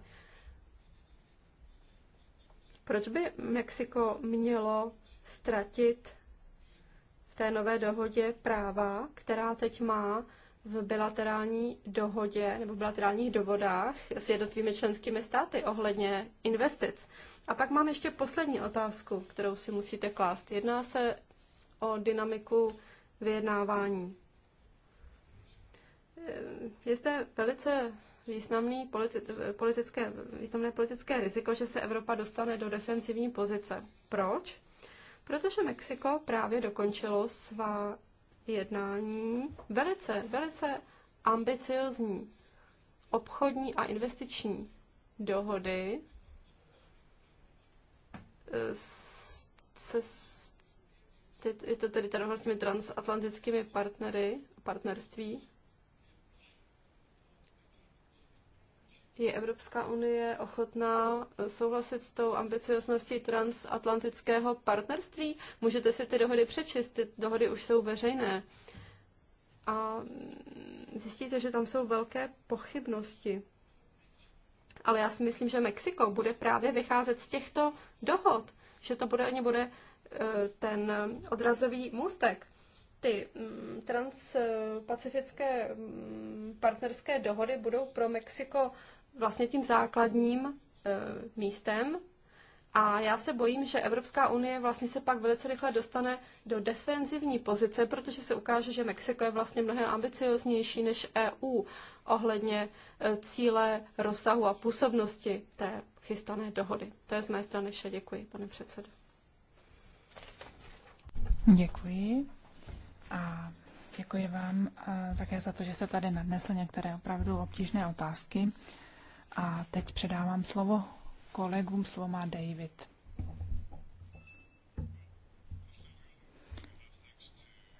Proč by Mexiko mělo ztratit v té nové dohodě práva, která teď má v bilaterální dohodě nebo bilaterálních dovodách s jednotlivými členskými státy ohledně investic? A pak mám ještě poslední otázku, kterou si musíte klást. Jedná se o dynamiku vyjednávání. Je zde velice významný politi- politické, významné politické riziko, že se Evropa dostane do defensivní pozice. Proč? Protože Mexiko právě dokončilo svá jednání velice, velice ambiciozní obchodní a investiční dohody se je to tedy tady dohoda vlastně s transatlantickými partnery, partnerství. Je Evropská unie ochotná souhlasit s tou ambiciozností transatlantického partnerství? Můžete si ty dohody přečíst, ty dohody už jsou veřejné. A zjistíte, že tam jsou velké pochybnosti. Ale já si myslím, že Mexiko bude právě vycházet z těchto dohod, že to bude, oni bude Eh, ten odrazový můstek, ty mm, transpacifické mm, partnerské dohody budou pro Mexiko vlastně tím základním eh, místem. A já se bojím, že Evropská unie vlastně se pak velice rychle dostane do defenzivní pozice, protože se ukáže, že Mexiko je vlastně mnohem ambicioznější než EU ohledně eh, cíle, rozsahu a působnosti té chystané dohody. To je z mé strany vše.
Děkuji, pane předsedo. Děkuji. A děkuji vám eh, také za to, že jste tady nadnesl některé opravdu obtížné otázky. A teď předávám slovo kolegům, slovo má David.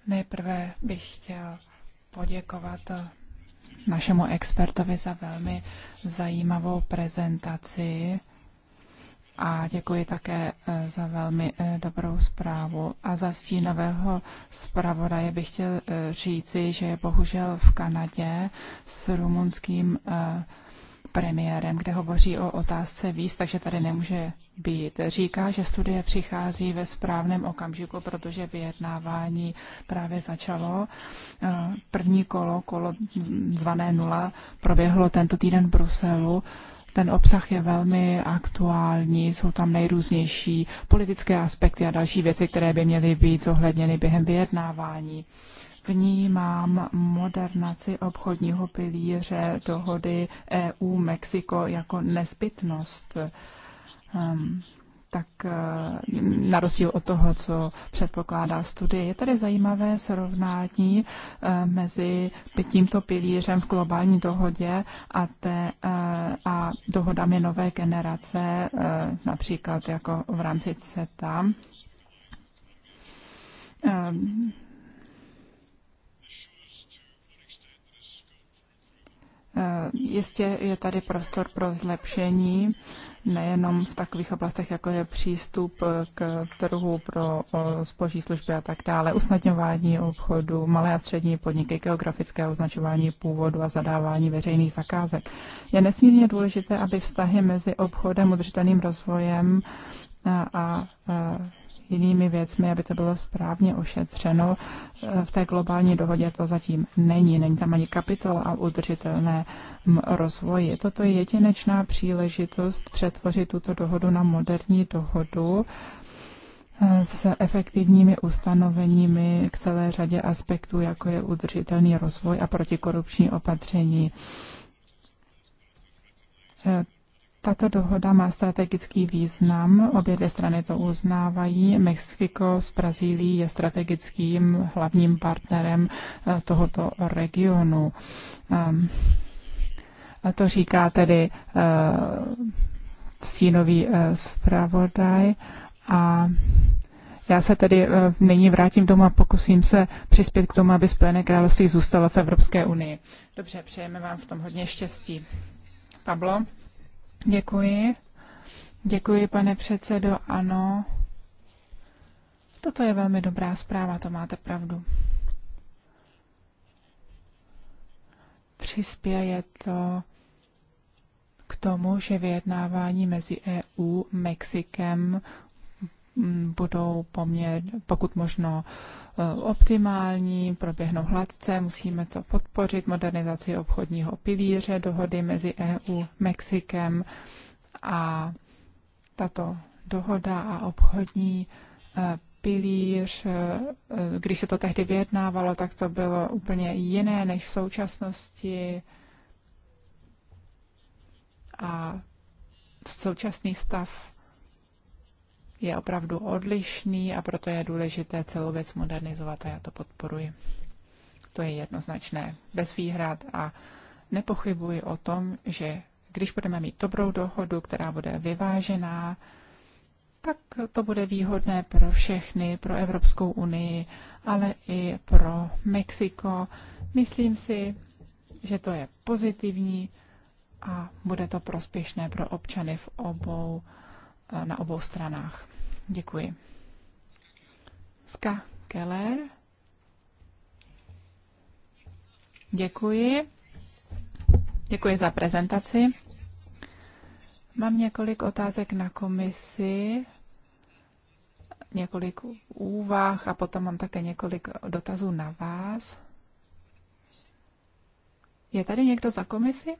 Nejprve bych chtěl poděkovat eh, našemu expertovi za velmi zajímavou prezentaci a děkuji také eh, za velmi eh, dobrou zprávu. A za stínového zpravodaje bych chtěl eh, říci, že je bohužel v Kanadě s rumunským premiérem, kde hovoří o otázce víc, takže tady nemůže být. Říká, že studie přichází ve správném okamžiku, protože vyjednávání právě začalo. První kolo, kolo zvané nula, proběhlo tento týden v Bruselu ten obsah je velmi aktuální, jsou tam nejrůznější politické aspekty a další věci, které by měly být zohledněny během vyjednávání. Vnímám modernaci obchodního pilíře dohody EU-Mexiko jako nezbytnost. Um, tak eh, na rozdíl od toho, co předpokládá studie. Je tady zajímavé srovnání eh, mezi tímto pilířem v globální dohodě a, te, eh, a dohodami nové generace, například jako v rámci CETA. Jistě je tady prostor pro zlepšení nejenom v takových oblastech, jako je přístup k trhu pro zboží služby a tak dále, usnadňování obchodu, malé a střední podniky, geografické označování původu a zadávání veřejných zakázek. Je nesmírně důležité, aby vztahy mezi obchodem, udržitelným rozvojem a, a jinými věcmi, aby to bylo správně ošetřeno. Eh, v té globální dohodě to zatím není. Není tam ani kapitola a udržitelné mm, rozvoji. Toto je jedinečná příležitost přetvořit tuto dohodu na moderní dohodu eh, s efektivními ustanoveními k celé řadě aspektů, jako je udržitelný rozvoj a protikorupční opatření. Eh, tato dohoda má strategický význam, obě dvě strany to uznávají. Mexiko s Brazílií je strategickým hlavním partnerem eh, tohoto regionu. Ehm, to říká tedy eh, stínový eh, zpravodaj a já se tedy nyní vrátím domů a pokusím se přispět k tomu, aby Spojené království zůstalo v Evropské unii. Dobře, přejeme vám v tom hodně štěstí. Pablo? Děkuji. Děkuji, pane předsedo. Ano. Toto je velmi dobrá zpráva, to máte pravdu. Přispěje to k tomu, že vyjednávání mezi EU, Mexikem Mm, budou poměr, pokud možno eh, optimální, proběhnou hladce, musíme to podpořit, modernizaci obchodního pilíře, dohody mezi EU, Mexikem a tato dohoda a obchodní eh, pilíř, eh, když se to tehdy vyjednávalo, tak to bylo úplně jiné než v současnosti. A v současný stav je opravdu odlišný a proto je důležité celou věc modernizovat a já to podporuji. To je jednoznačné, bez výhrad a nepochybuji o tom, že když budeme mít dobrou dohodu, která bude vyvážená, tak to bude výhodné pro všechny, pro Evropskou unii, ale i pro Mexiko. Myslím si, že to je pozitivní a bude to prospěšné pro občany v obou Eh, na obou stranách. Děkuji. Ska Keller. Děkuji. Děkuji za prezentaci. Mám několik otázek na komisi, několik úvah a potom mám také několik dotazů na vás. Je tady někdo za komisi?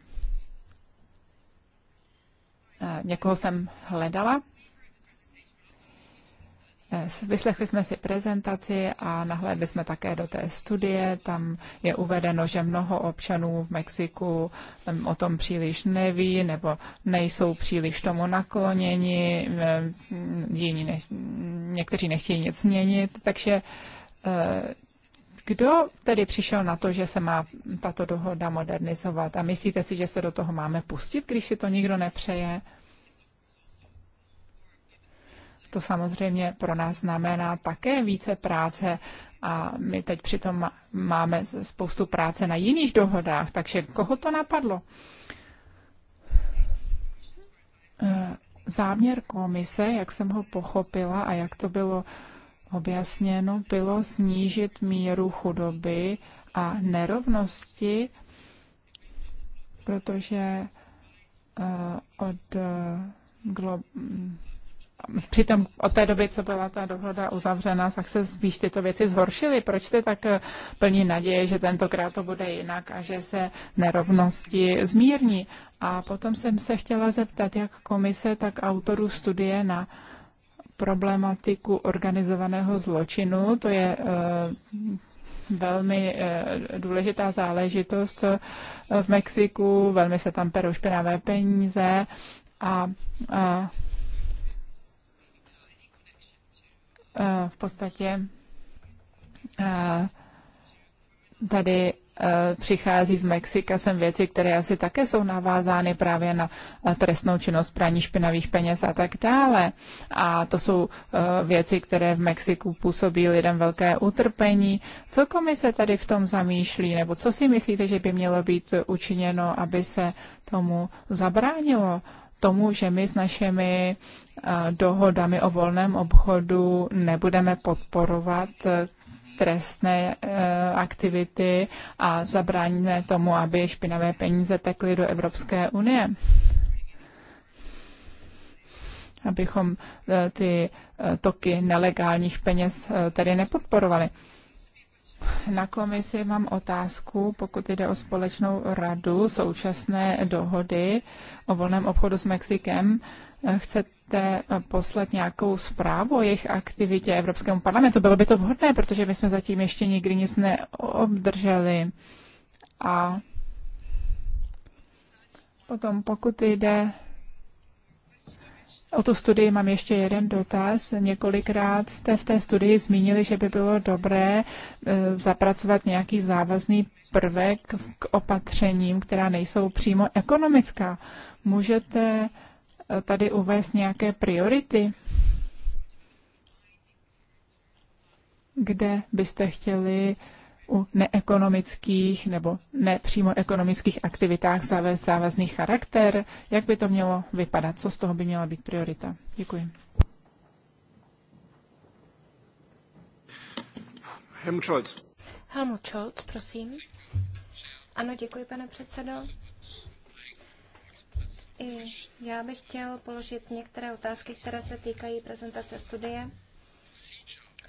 Eh, někoho jsem hledala. Eh, vyslechli jsme si prezentaci a nahlédli jsme také do té studie. Tam je uvedeno, že mnoho občanů v Mexiku o tom příliš neví nebo nejsou příliš tomu nakloněni, jiní ne, někteří nechtějí nic měnit, takže eh, kdo tedy přišel na to, že se má tato dohoda modernizovat a myslíte si, že se do toho máme pustit, když si to nikdo nepřeje? To samozřejmě pro nás znamená také více práce a my teď přitom máme spoustu práce na jiných dohodách, takže koho to napadlo? Eh, záměr komise, jak jsem ho pochopila a jak to bylo objasněno, bylo snížit míru chudoby a nerovnosti, protože eh, od eh, glo- mm, Přitom od té doby, co byla ta dohoda uzavřena, tak se spíš tyto věci zhoršily. Proč jste tak eh, plní naděje, že tentokrát to bude jinak a že se nerovnosti zmírní? A potom jsem se chtěla zeptat, jak komise, tak autorů studie na uh, problematiku organizovaného zločinu. To je eh, velmi eh, důležitá záležitost eh, v Mexiku, velmi se tam perou špinavé peníze a, a v podstatě tady Eh, přichází z Mexika sem věci, které asi také jsou navázány právě na eh, trestnou činnost praní špinavých peněz a tak dále. A to jsou eh, věci, které v Mexiku působí lidem velké utrpení. Co komise tady v tom zamýšlí, nebo co si myslíte, že by mělo být učiněno, aby se tomu zabránilo? tomu, že my s našimi dohodami o volném obchodu nebudeme podporovat trestné eh, aktivity a zabráníme tomu, aby špinavé peníze tekly do Evropské unie. Abychom eh, ty eh, toky nelegálních peněz tedy nepodporovali. Na komisi mám otázku, pokud jde o společnou radu současné dohody o volném obchodu s Mexikem. Chce můžete eh, poslat nějakou zprávu o jejich aktivitě Evropskému parlamentu? Bylo by to vhodné, protože my jsme zatím ještě nikdy nic neobdrželi. A potom, pokud jde o tu studii, mám ještě jeden dotaz. Několikrát jste v té studii zmínili, že by bylo dobré eh, zapracovat nějaký závazný prvek k opatřením, která nejsou přímo ekonomická. Můžete Eh, tady uvést nějaké priority, kde byste chtěli u neekonomických nebo nepřímo ekonomických aktivitách zavést závazný charakter? Jak by to mělo vypadat? Co z toho by měla být priorita? Děkuji.
Helmut Scholz.
Helmut Scholz, prosím. Ano, děkuji, pane předsedo. I já bych chtěl položit některé otázky, které se týkají prezentace studie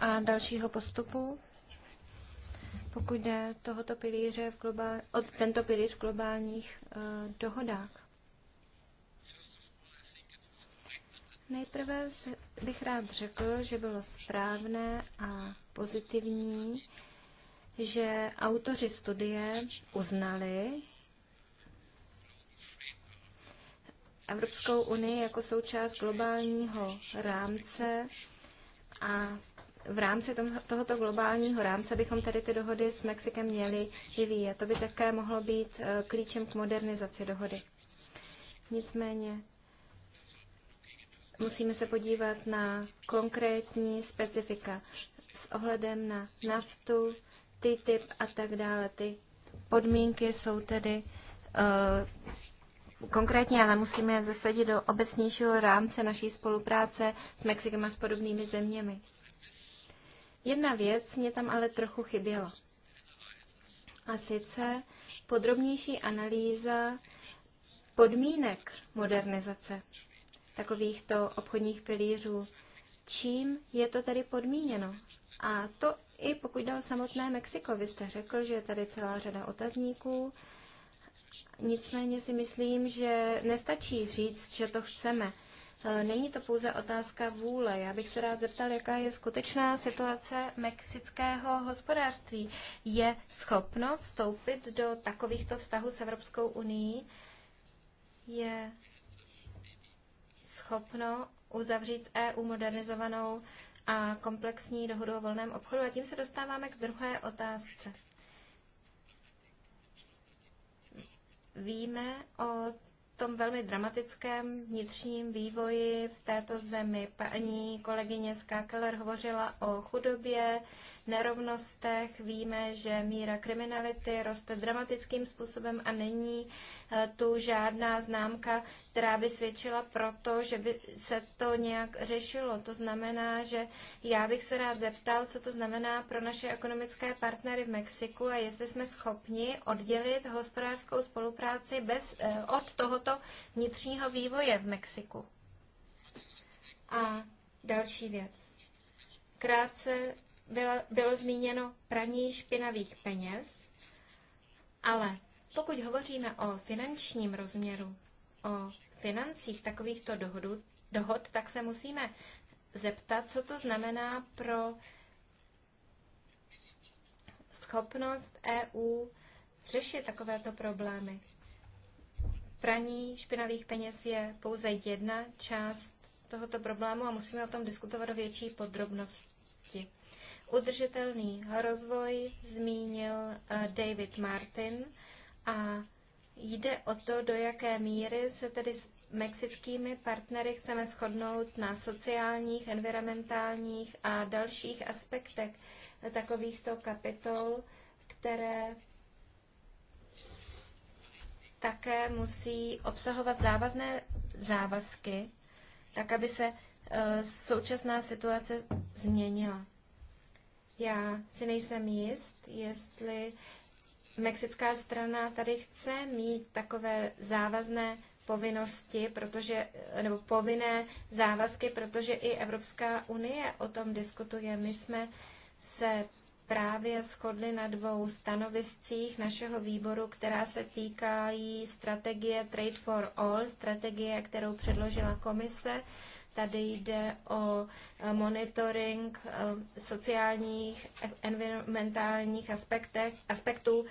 a dalšího postupu. Pokud jde tohoto pilíře v globál, od tento pilíř v globálních uh, dohodách. Nejprve bych rád řekl, že bylo správné a pozitivní, že autoři studie uznali, Evropskou unii jako součást globálního rámce a v rámci tohoto globálního rámce bychom tedy ty dohody s Mexikem měli vyvíjet. To by také mohlo být eh, klíčem k modernizaci dohody. Nicméně musíme se podívat na konkrétní specifika s ohledem na naftu, ty typ a tak dále. Ty podmínky jsou tedy uh, konkrétně, ale musíme je zasadit do obecnějšího rámce naší spolupráce s Mexikem a s podobnými zeměmi. Jedna věc mě tam ale trochu chyběla. A sice podrobnější analýza podmínek modernizace takovýchto obchodních pilířů. Čím je to tedy podmíněno? A to i pokud jde o samotné Mexiko. Vy jste řekl, že je tady celá řada otazníků, Nicméně si myslím, že nestačí říct, že to chceme. E, není to pouze otázka vůle. Já bych se rád zeptal, jaká je skutečná situace mexického hospodářství. Je schopno vstoupit do takovýchto vztahů s Evropskou unii? Je schopno uzavřít s EU modernizovanou a komplexní dohodu o volném obchodu? A tím se dostáváme k druhé otázce. Víme o tom velmi dramatickém vnitřním vývoji v této zemi. Paní kolegyně Skákeler hovořila o chudobě, nerovnostech. Víme, že míra kriminality roste dramatickým způsobem a není eh, tu žádná známka, která by svědčila proto, že by se to nějak řešilo. To znamená, že já bych se rád zeptal, co to znamená pro naše ekonomické partnery v Mexiku a jestli jsme schopni oddělit hospodářskou spolupráci bez, eh, od tohoto vnitřního vývoje v Mexiku. A další věc. Krátce byla, bylo zmíněno praní špinavých peněz, ale pokud hovoříme o finančním rozměru, o financích takovýchto dohodů, dohod, tak se musíme zeptat, co to znamená pro schopnost EU řešit takovéto problémy. Praní špinavých peněz je pouze jedna část tohoto problému a musíme o tom diskutovat o větší podrobnosti udržitelný rozvoj zmínil eh, David Martin a jde o to, do jaké míry se tedy s mexickými partnery chceme shodnout na sociálních, environmentálních a dalších aspektech takovýchto kapitol, které také musí obsahovat závazné závazky, tak aby se eh, současná situace změnila. Já si nejsem jist, jestli mexická strana tady chce mít takové závazné povinnosti, protože, nebo povinné závazky, protože i Evropská unie o tom diskutuje. My jsme se právě shodli na dvou stanoviscích našeho výboru, která se týkají strategie Trade for All, strategie, kterou předložila komise. Tady jde o eh, monitoring eh, sociálních, environmentálních aspektech, aspektů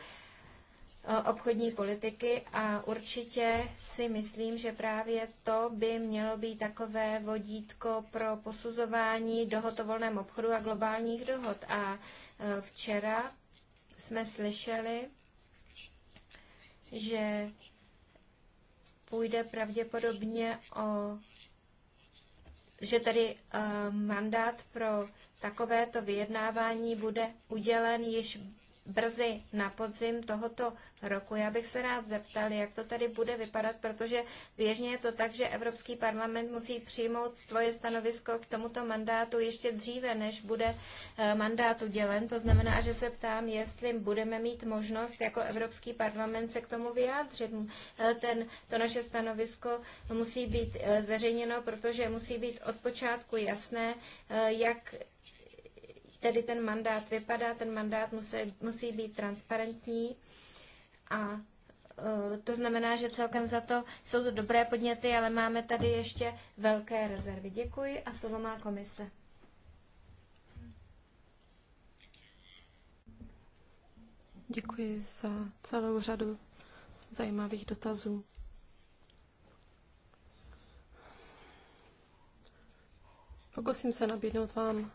eh, obchodní politiky a určitě si myslím, že právě to by mělo být takové vodítko pro posuzování dohod o volném obchodu a globálních dohod. A včera jsme slyšeli, že půjde pravděpodobně o že tedy eh, mandát pro takovéto vyjednávání bude udělen již brzy na podzim tohoto roku. Já bych se rád zeptal, jak to tady bude vypadat, protože běžně je to tak, že Evropský parlament musí přijmout svoje stanovisko k tomuto mandátu ještě dříve, než bude eh, mandát udělen. To znamená, že se ptám, jestli budeme mít možnost jako Evropský parlament se k tomu vyjádřit. Eh, ten, to naše stanovisko musí být eh, zveřejněno, protože musí být od počátku jasné, jak tedy ten mandát vypadá, ten mandát musí, musí být transparentní a e, to znamená, že celkem za to jsou to dobré podněty, ale máme tady ještě velké rezervy. Děkuji a slovo má komise.
Děkuji za celou řadu zajímavých dotazů. Pokusím se nabídnout vám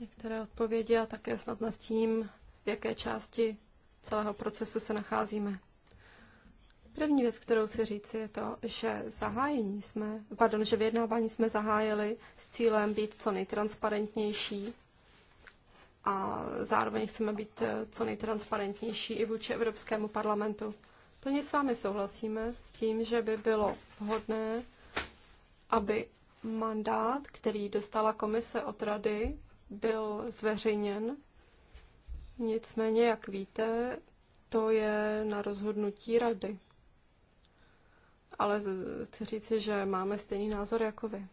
některé odpovědi a také snad nastíním, v jaké části celého procesu se nacházíme. První věc, kterou chci říci, je to, že zahájení jsme, pardon, že vyjednávání jsme zahájili s cílem být co nejtransparentnější a zároveň chceme být co nejtransparentnější i vůči Evropskému parlamentu. Plně s vámi souhlasíme s tím, že by bylo vhodné, aby mandát, který dostala komise od rady, byl zveřejněn. Nicméně, jak víte, to je na rozhodnutí rady. Ale chci říci, že máme stejný názor jako vy.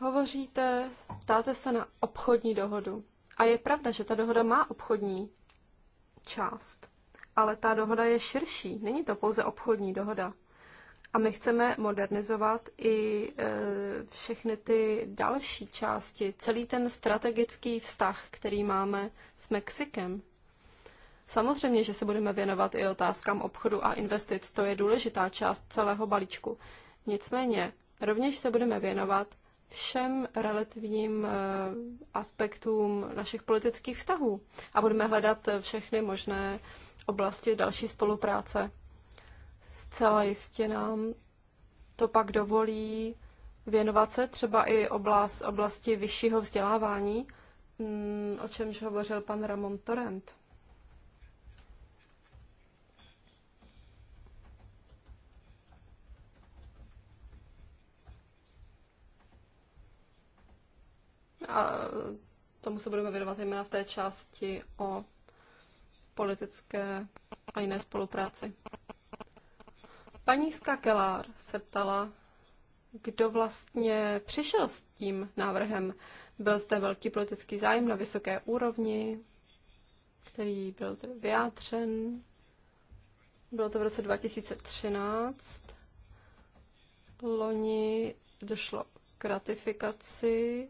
Hovoříte, ptáte se na obchodní dohodu. A je pravda, že ta dohoda má obchodní část, ale ta dohoda je širší. Není to pouze obchodní dohoda. A my chceme modernizovat i e, všechny ty další části, celý ten strategický vztah, který máme s Mexikem. Samozřejmě, že se budeme věnovat i otázkám obchodu a investic, to je důležitá část celého balíčku. Nicméně, rovněž se budeme věnovat všem relativním e, aspektům našich politických vztahů a budeme hledat všechny možné oblasti další spolupráce. Zcela jistě nám to pak dovolí věnovat se třeba i oblast, oblasti vyššího vzdělávání, mm, o čemž hovořil pan Ramon Torrent. A tomu se budeme věnovat zejména v té části o politické a jiné spolupráci. Paní Skakelár se ptala, kdo vlastně přišel s tím návrhem. Byl zde velký politický zájem na vysoké úrovni, který byl tedy vyjádřen. Bylo to v roce 2013. Loni došlo k ratifikaci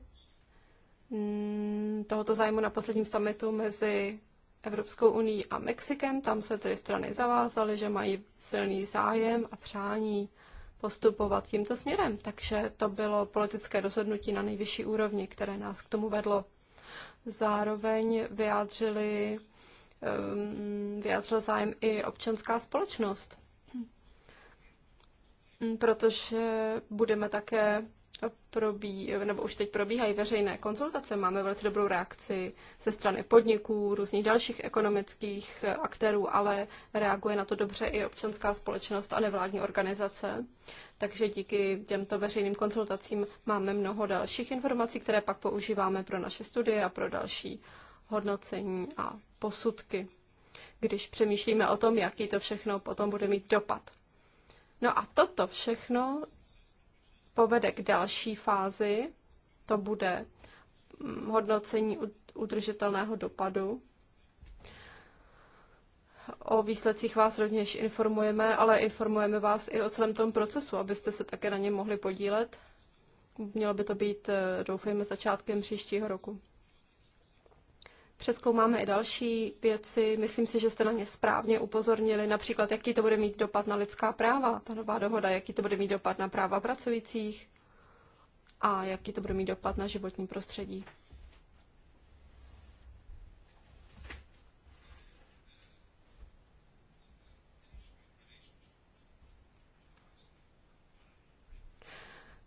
mm, tohoto zájmu na posledním summitu mezi Evropskou unii a Mexikem. Tam se tedy strany zavázaly, že mají silný zájem a přání postupovat tímto směrem. Takže to bylo politické rozhodnutí na nejvyšší úrovni, které nás k tomu vedlo. Zároveň vyjádřili, ehm, vyjádřil zájem i občanská společnost, protože budeme také probí, nebo už teď probíhají veřejné konzultace, máme velice dobrou reakci ze strany podniků, různých dalších ekonomických aktérů, ale reaguje na to dobře i občanská společnost a nevládní organizace. Takže díky těmto veřejným konzultacím máme mnoho dalších informací, které pak používáme pro naše studie a pro další hodnocení a posudky, když přemýšlíme o tom, jaký to všechno potom bude mít dopad. No a toto všechno povede k další fázi, to bude mm, hodnocení udržitelného dopadu. O výsledcích vás rovněž informujeme, ale informujeme vás i o celém tom procesu, abyste se také na něm mohli podílet. Mělo by to být, eh, doufejme, začátkem příštího roku. Přeskoumáme i další věci. Myslím si, že jste na ně správně upozornili, například jaký to bude mít dopad na lidská práva, ta nová dohoda, jaký to bude mít dopad na práva pracujících a jaký to bude mít dopad na životní prostředí.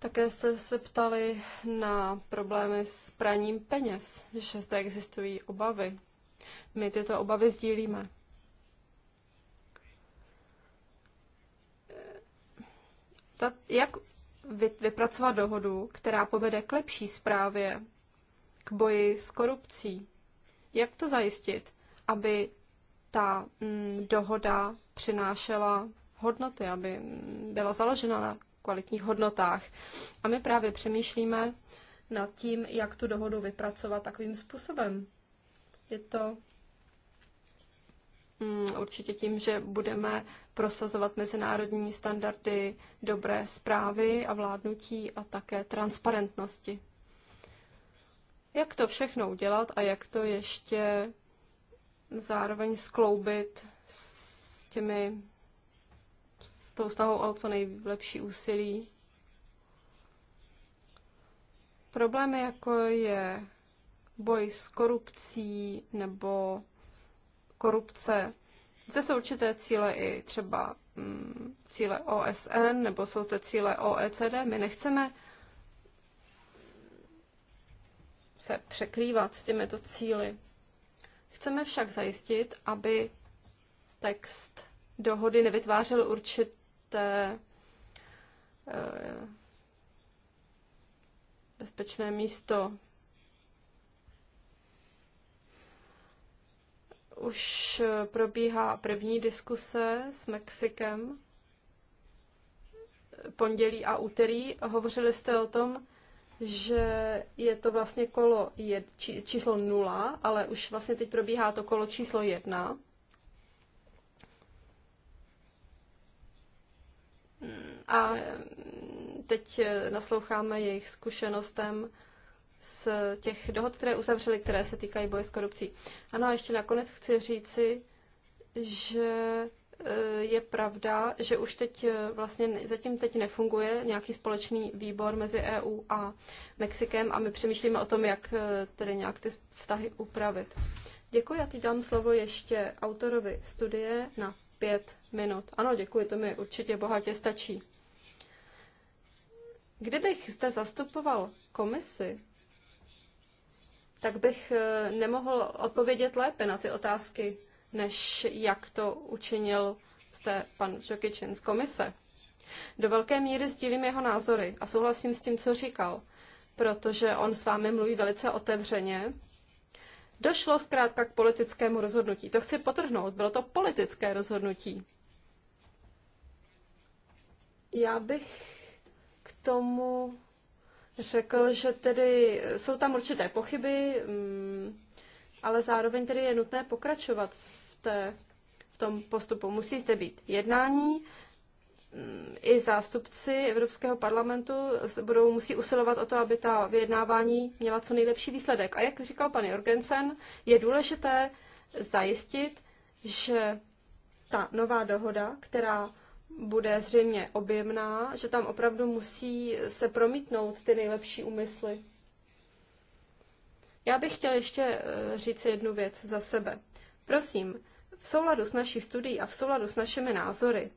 Také jste se ptali na problémy s praním peněz, že zde existují obavy. My tyto obavy sdílíme. Ta, jak vypracovat dohodu, která povede k lepší zprávě, k boji s korupcí? Jak to zajistit, aby ta mm, dohoda přinášela hodnoty, aby byla založena na kvalitních hodnotách. A my právě přemýšlíme nad tím, jak tu dohodu vypracovat takovým způsobem. Je to mm, určitě tím, že budeme prosazovat mezinárodní standardy dobré zprávy a vládnutí a také transparentnosti. Jak to všechno udělat a jak to ještě zároveň skloubit s těmi s tou snahou o co nejlepší úsilí. Problémy jako je boj s korupcí nebo korupce. Zde jsou určité cíle i třeba mm, cíle OSN nebo jsou zde cíle OECD. My nechceme se překrývat s těmito cíly. Chceme však zajistit, aby text dohody nevytvářel určitý jisté eh, bezpečné místo. Už eh, probíhá první diskuse s Mexikem pondělí a úterý. Hovořili jste o tom, že je to vlastně kolo je, či, číslo nula, ale už vlastně teď probíhá to kolo číslo jedna. a eh, teď eh, nasloucháme jejich zkušenostem z těch dohod, které uzavřeli, které se týkají boje s korupcí. Ano a ještě nakonec chci říci, že eh, je pravda, že už teď vlastně zatím teď nefunguje nějaký společný výbor mezi EU a Mexikem a my přemýšlíme o tom, jak tedy nějak ty vztahy upravit. Děkuji já ti dám slovo ještě autorovi studie na pět minut. Ano, děkuji, to mi určitě bohatě stačí. Kdybych zde zastupoval komisi, tak bych eh, nemohl odpovědět lépe na ty otázky, než jak to učinil jste pan Žokičin z komise. Do velké míry sdílím jeho názory a souhlasím s tím, co říkal, protože on s vámi mluví velice otevřeně. Došlo zkrátka k politickému rozhodnutí. To chci potrhnout, bylo to politické rozhodnutí. Já bych tomu řekl, že tedy jsou tam určité pochyby, mm, ale zároveň tedy je nutné pokračovat v, té, v tom postupu. Musí zde být jednání, mm, i zástupci Evropského parlamentu budou musí usilovat o to, aby ta vyjednávání měla co nejlepší výsledek. A jak říkal pan Jorgensen, je důležité zajistit, že ta nová dohoda, která bude zřejmě objemná, že tam opravdu musí se promítnout ty nejlepší úmysly. Já bych chtěl ještě eh, říct jednu věc za sebe. Prosím, v souladu s naší studií a v souladu s našimi názory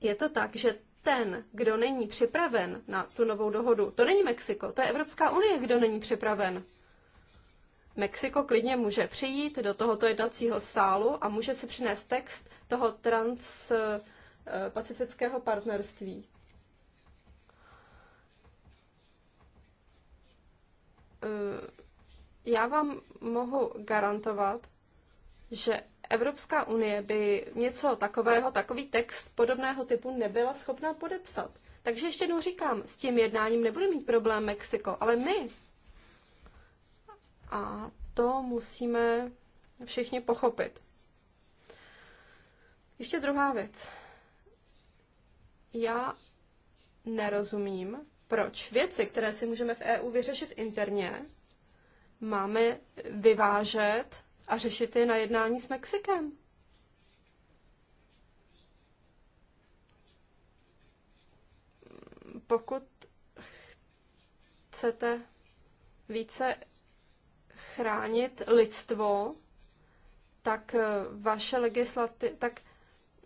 je to tak, že ten, kdo není připraven na tu novou dohodu, to není Mexiko, to je Evropská unie, kdo není připraven. Mexiko klidně může přijít do tohoto jednacího sálu a může si přinést text toho trans eh, Eh, pacifického partnerství. Eh, já vám mohu garantovat, že Evropská unie by něco takového, takový text podobného typu nebyla schopná podepsat. Takže ještě jednou říkám, s tím jednáním nebude mít problém Mexiko, ale my. A to musíme všichni pochopit. Ještě druhá věc já nerozumím, proč věci, které si můžeme v EU vyřešit interně, máme vyvážet a řešit je na jednání s Mexikem. Pokud chcete více chránit lidstvo, tak vaše legislativa, tak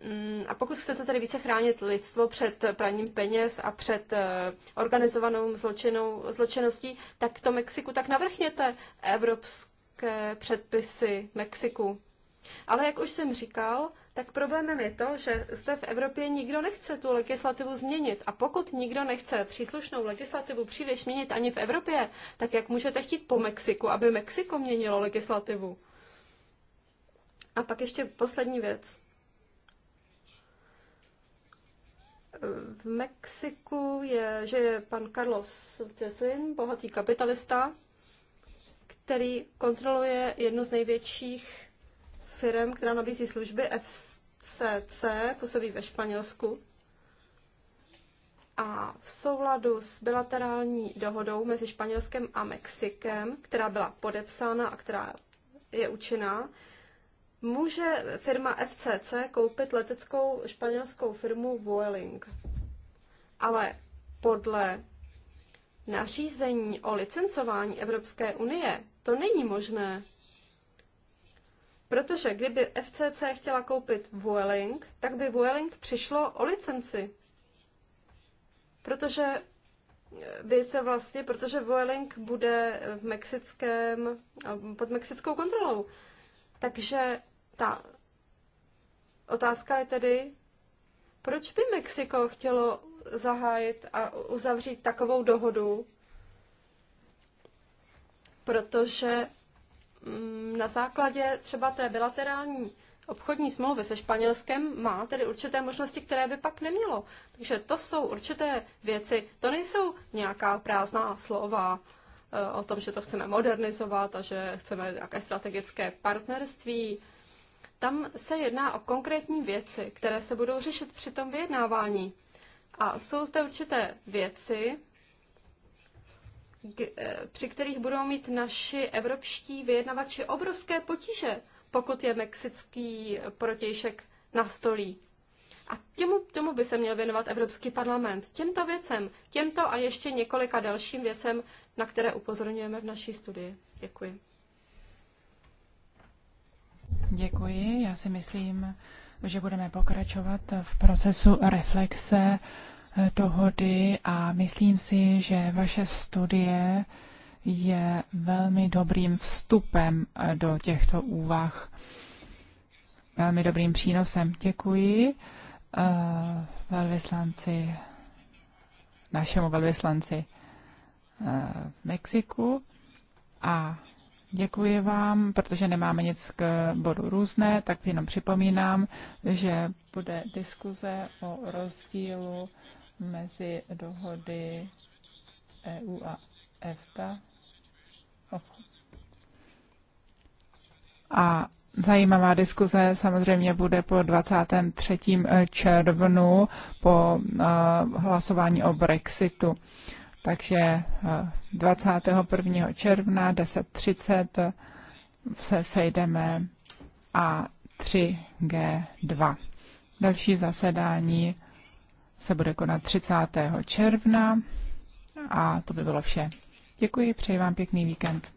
Mm, a pokud chcete tedy více chránit lidstvo před praním peněz a před eh, organizovanou zločinou, zločinností, tak to Mexiku tak navrchněte evropské předpisy Mexiku. Ale jak už jsem říkal, tak problémem je to, že zde v Evropě nikdo nechce tu legislativu změnit. A pokud nikdo nechce příslušnou legislativu příliš měnit ani v Evropě, tak jak můžete chtít po Mexiku, aby Mexiko měnilo legislativu? A pak ještě poslední věc. v Mexiku je, že je pan Carlos Teslin, bohatý kapitalista, který kontroluje jednu z největších firm, která nabízí služby FCC, působí ve Španělsku. A v souladu s bilaterální dohodou mezi Španělskem a Mexikem, která byla podepsána a která je účinná, může firma FCC koupit leteckou španělskou firmu Vueling. Ale podle nařízení o licencování Evropské unie to není možné. Protože kdyby FCC chtěla koupit Vueling, tak by Vueling přišlo o licenci. Protože by se vlastně, protože Vueling bude v mexickém, pod mexickou kontrolou. Takže ta otázka je tedy, proč by Mexiko chtělo zahájit a uzavřít takovou dohodu, protože mm, na základě třeba té bilaterální obchodní smlouvy se Španělskem má tedy určité možnosti, které by pak nemělo. Takže to jsou určité věci, to nejsou nějaká prázdná slova. Eh, o tom, že to chceme modernizovat a že chceme nějaké strategické partnerství. Tam se jedná o konkrétní věci, které se budou řešit při tom vyjednávání. A jsou zde určité věci, eh, při kterých budou mít naši evropští vyjednavači obrovské potíže, pokud je mexický protějšek na stolí. A těmu, tomu by se měl věnovat Evropský parlament. Těmto věcem, těmto a ještě několika dalším věcem na které upozorňujeme v naší studii. Děkuji.
Děkuji. Já si myslím, že budeme pokračovat v procesu reflexe eh, dohody a myslím si, že vaše studie je velmi dobrým vstupem eh, do těchto úvah, velmi dobrým přínosem. Děkuji eh, velvyslanci, našemu velvyslanci. Eh, Mexiku a děkuji vám, protože nemáme nic k bodu různé, tak jenom připomínám, že bude diskuze o rozdílu mezi dohody EU a EFTA. A zajímavá diskuze samozřejmě bude po 23. červnu po eh, hlasování o Brexitu. Takže 21. Eh, června 10.30 se sejdeme a 3G2. Další zasedání se bude konat 30. června a to by bylo vše. Děkuji, přeji vám pěkný víkend.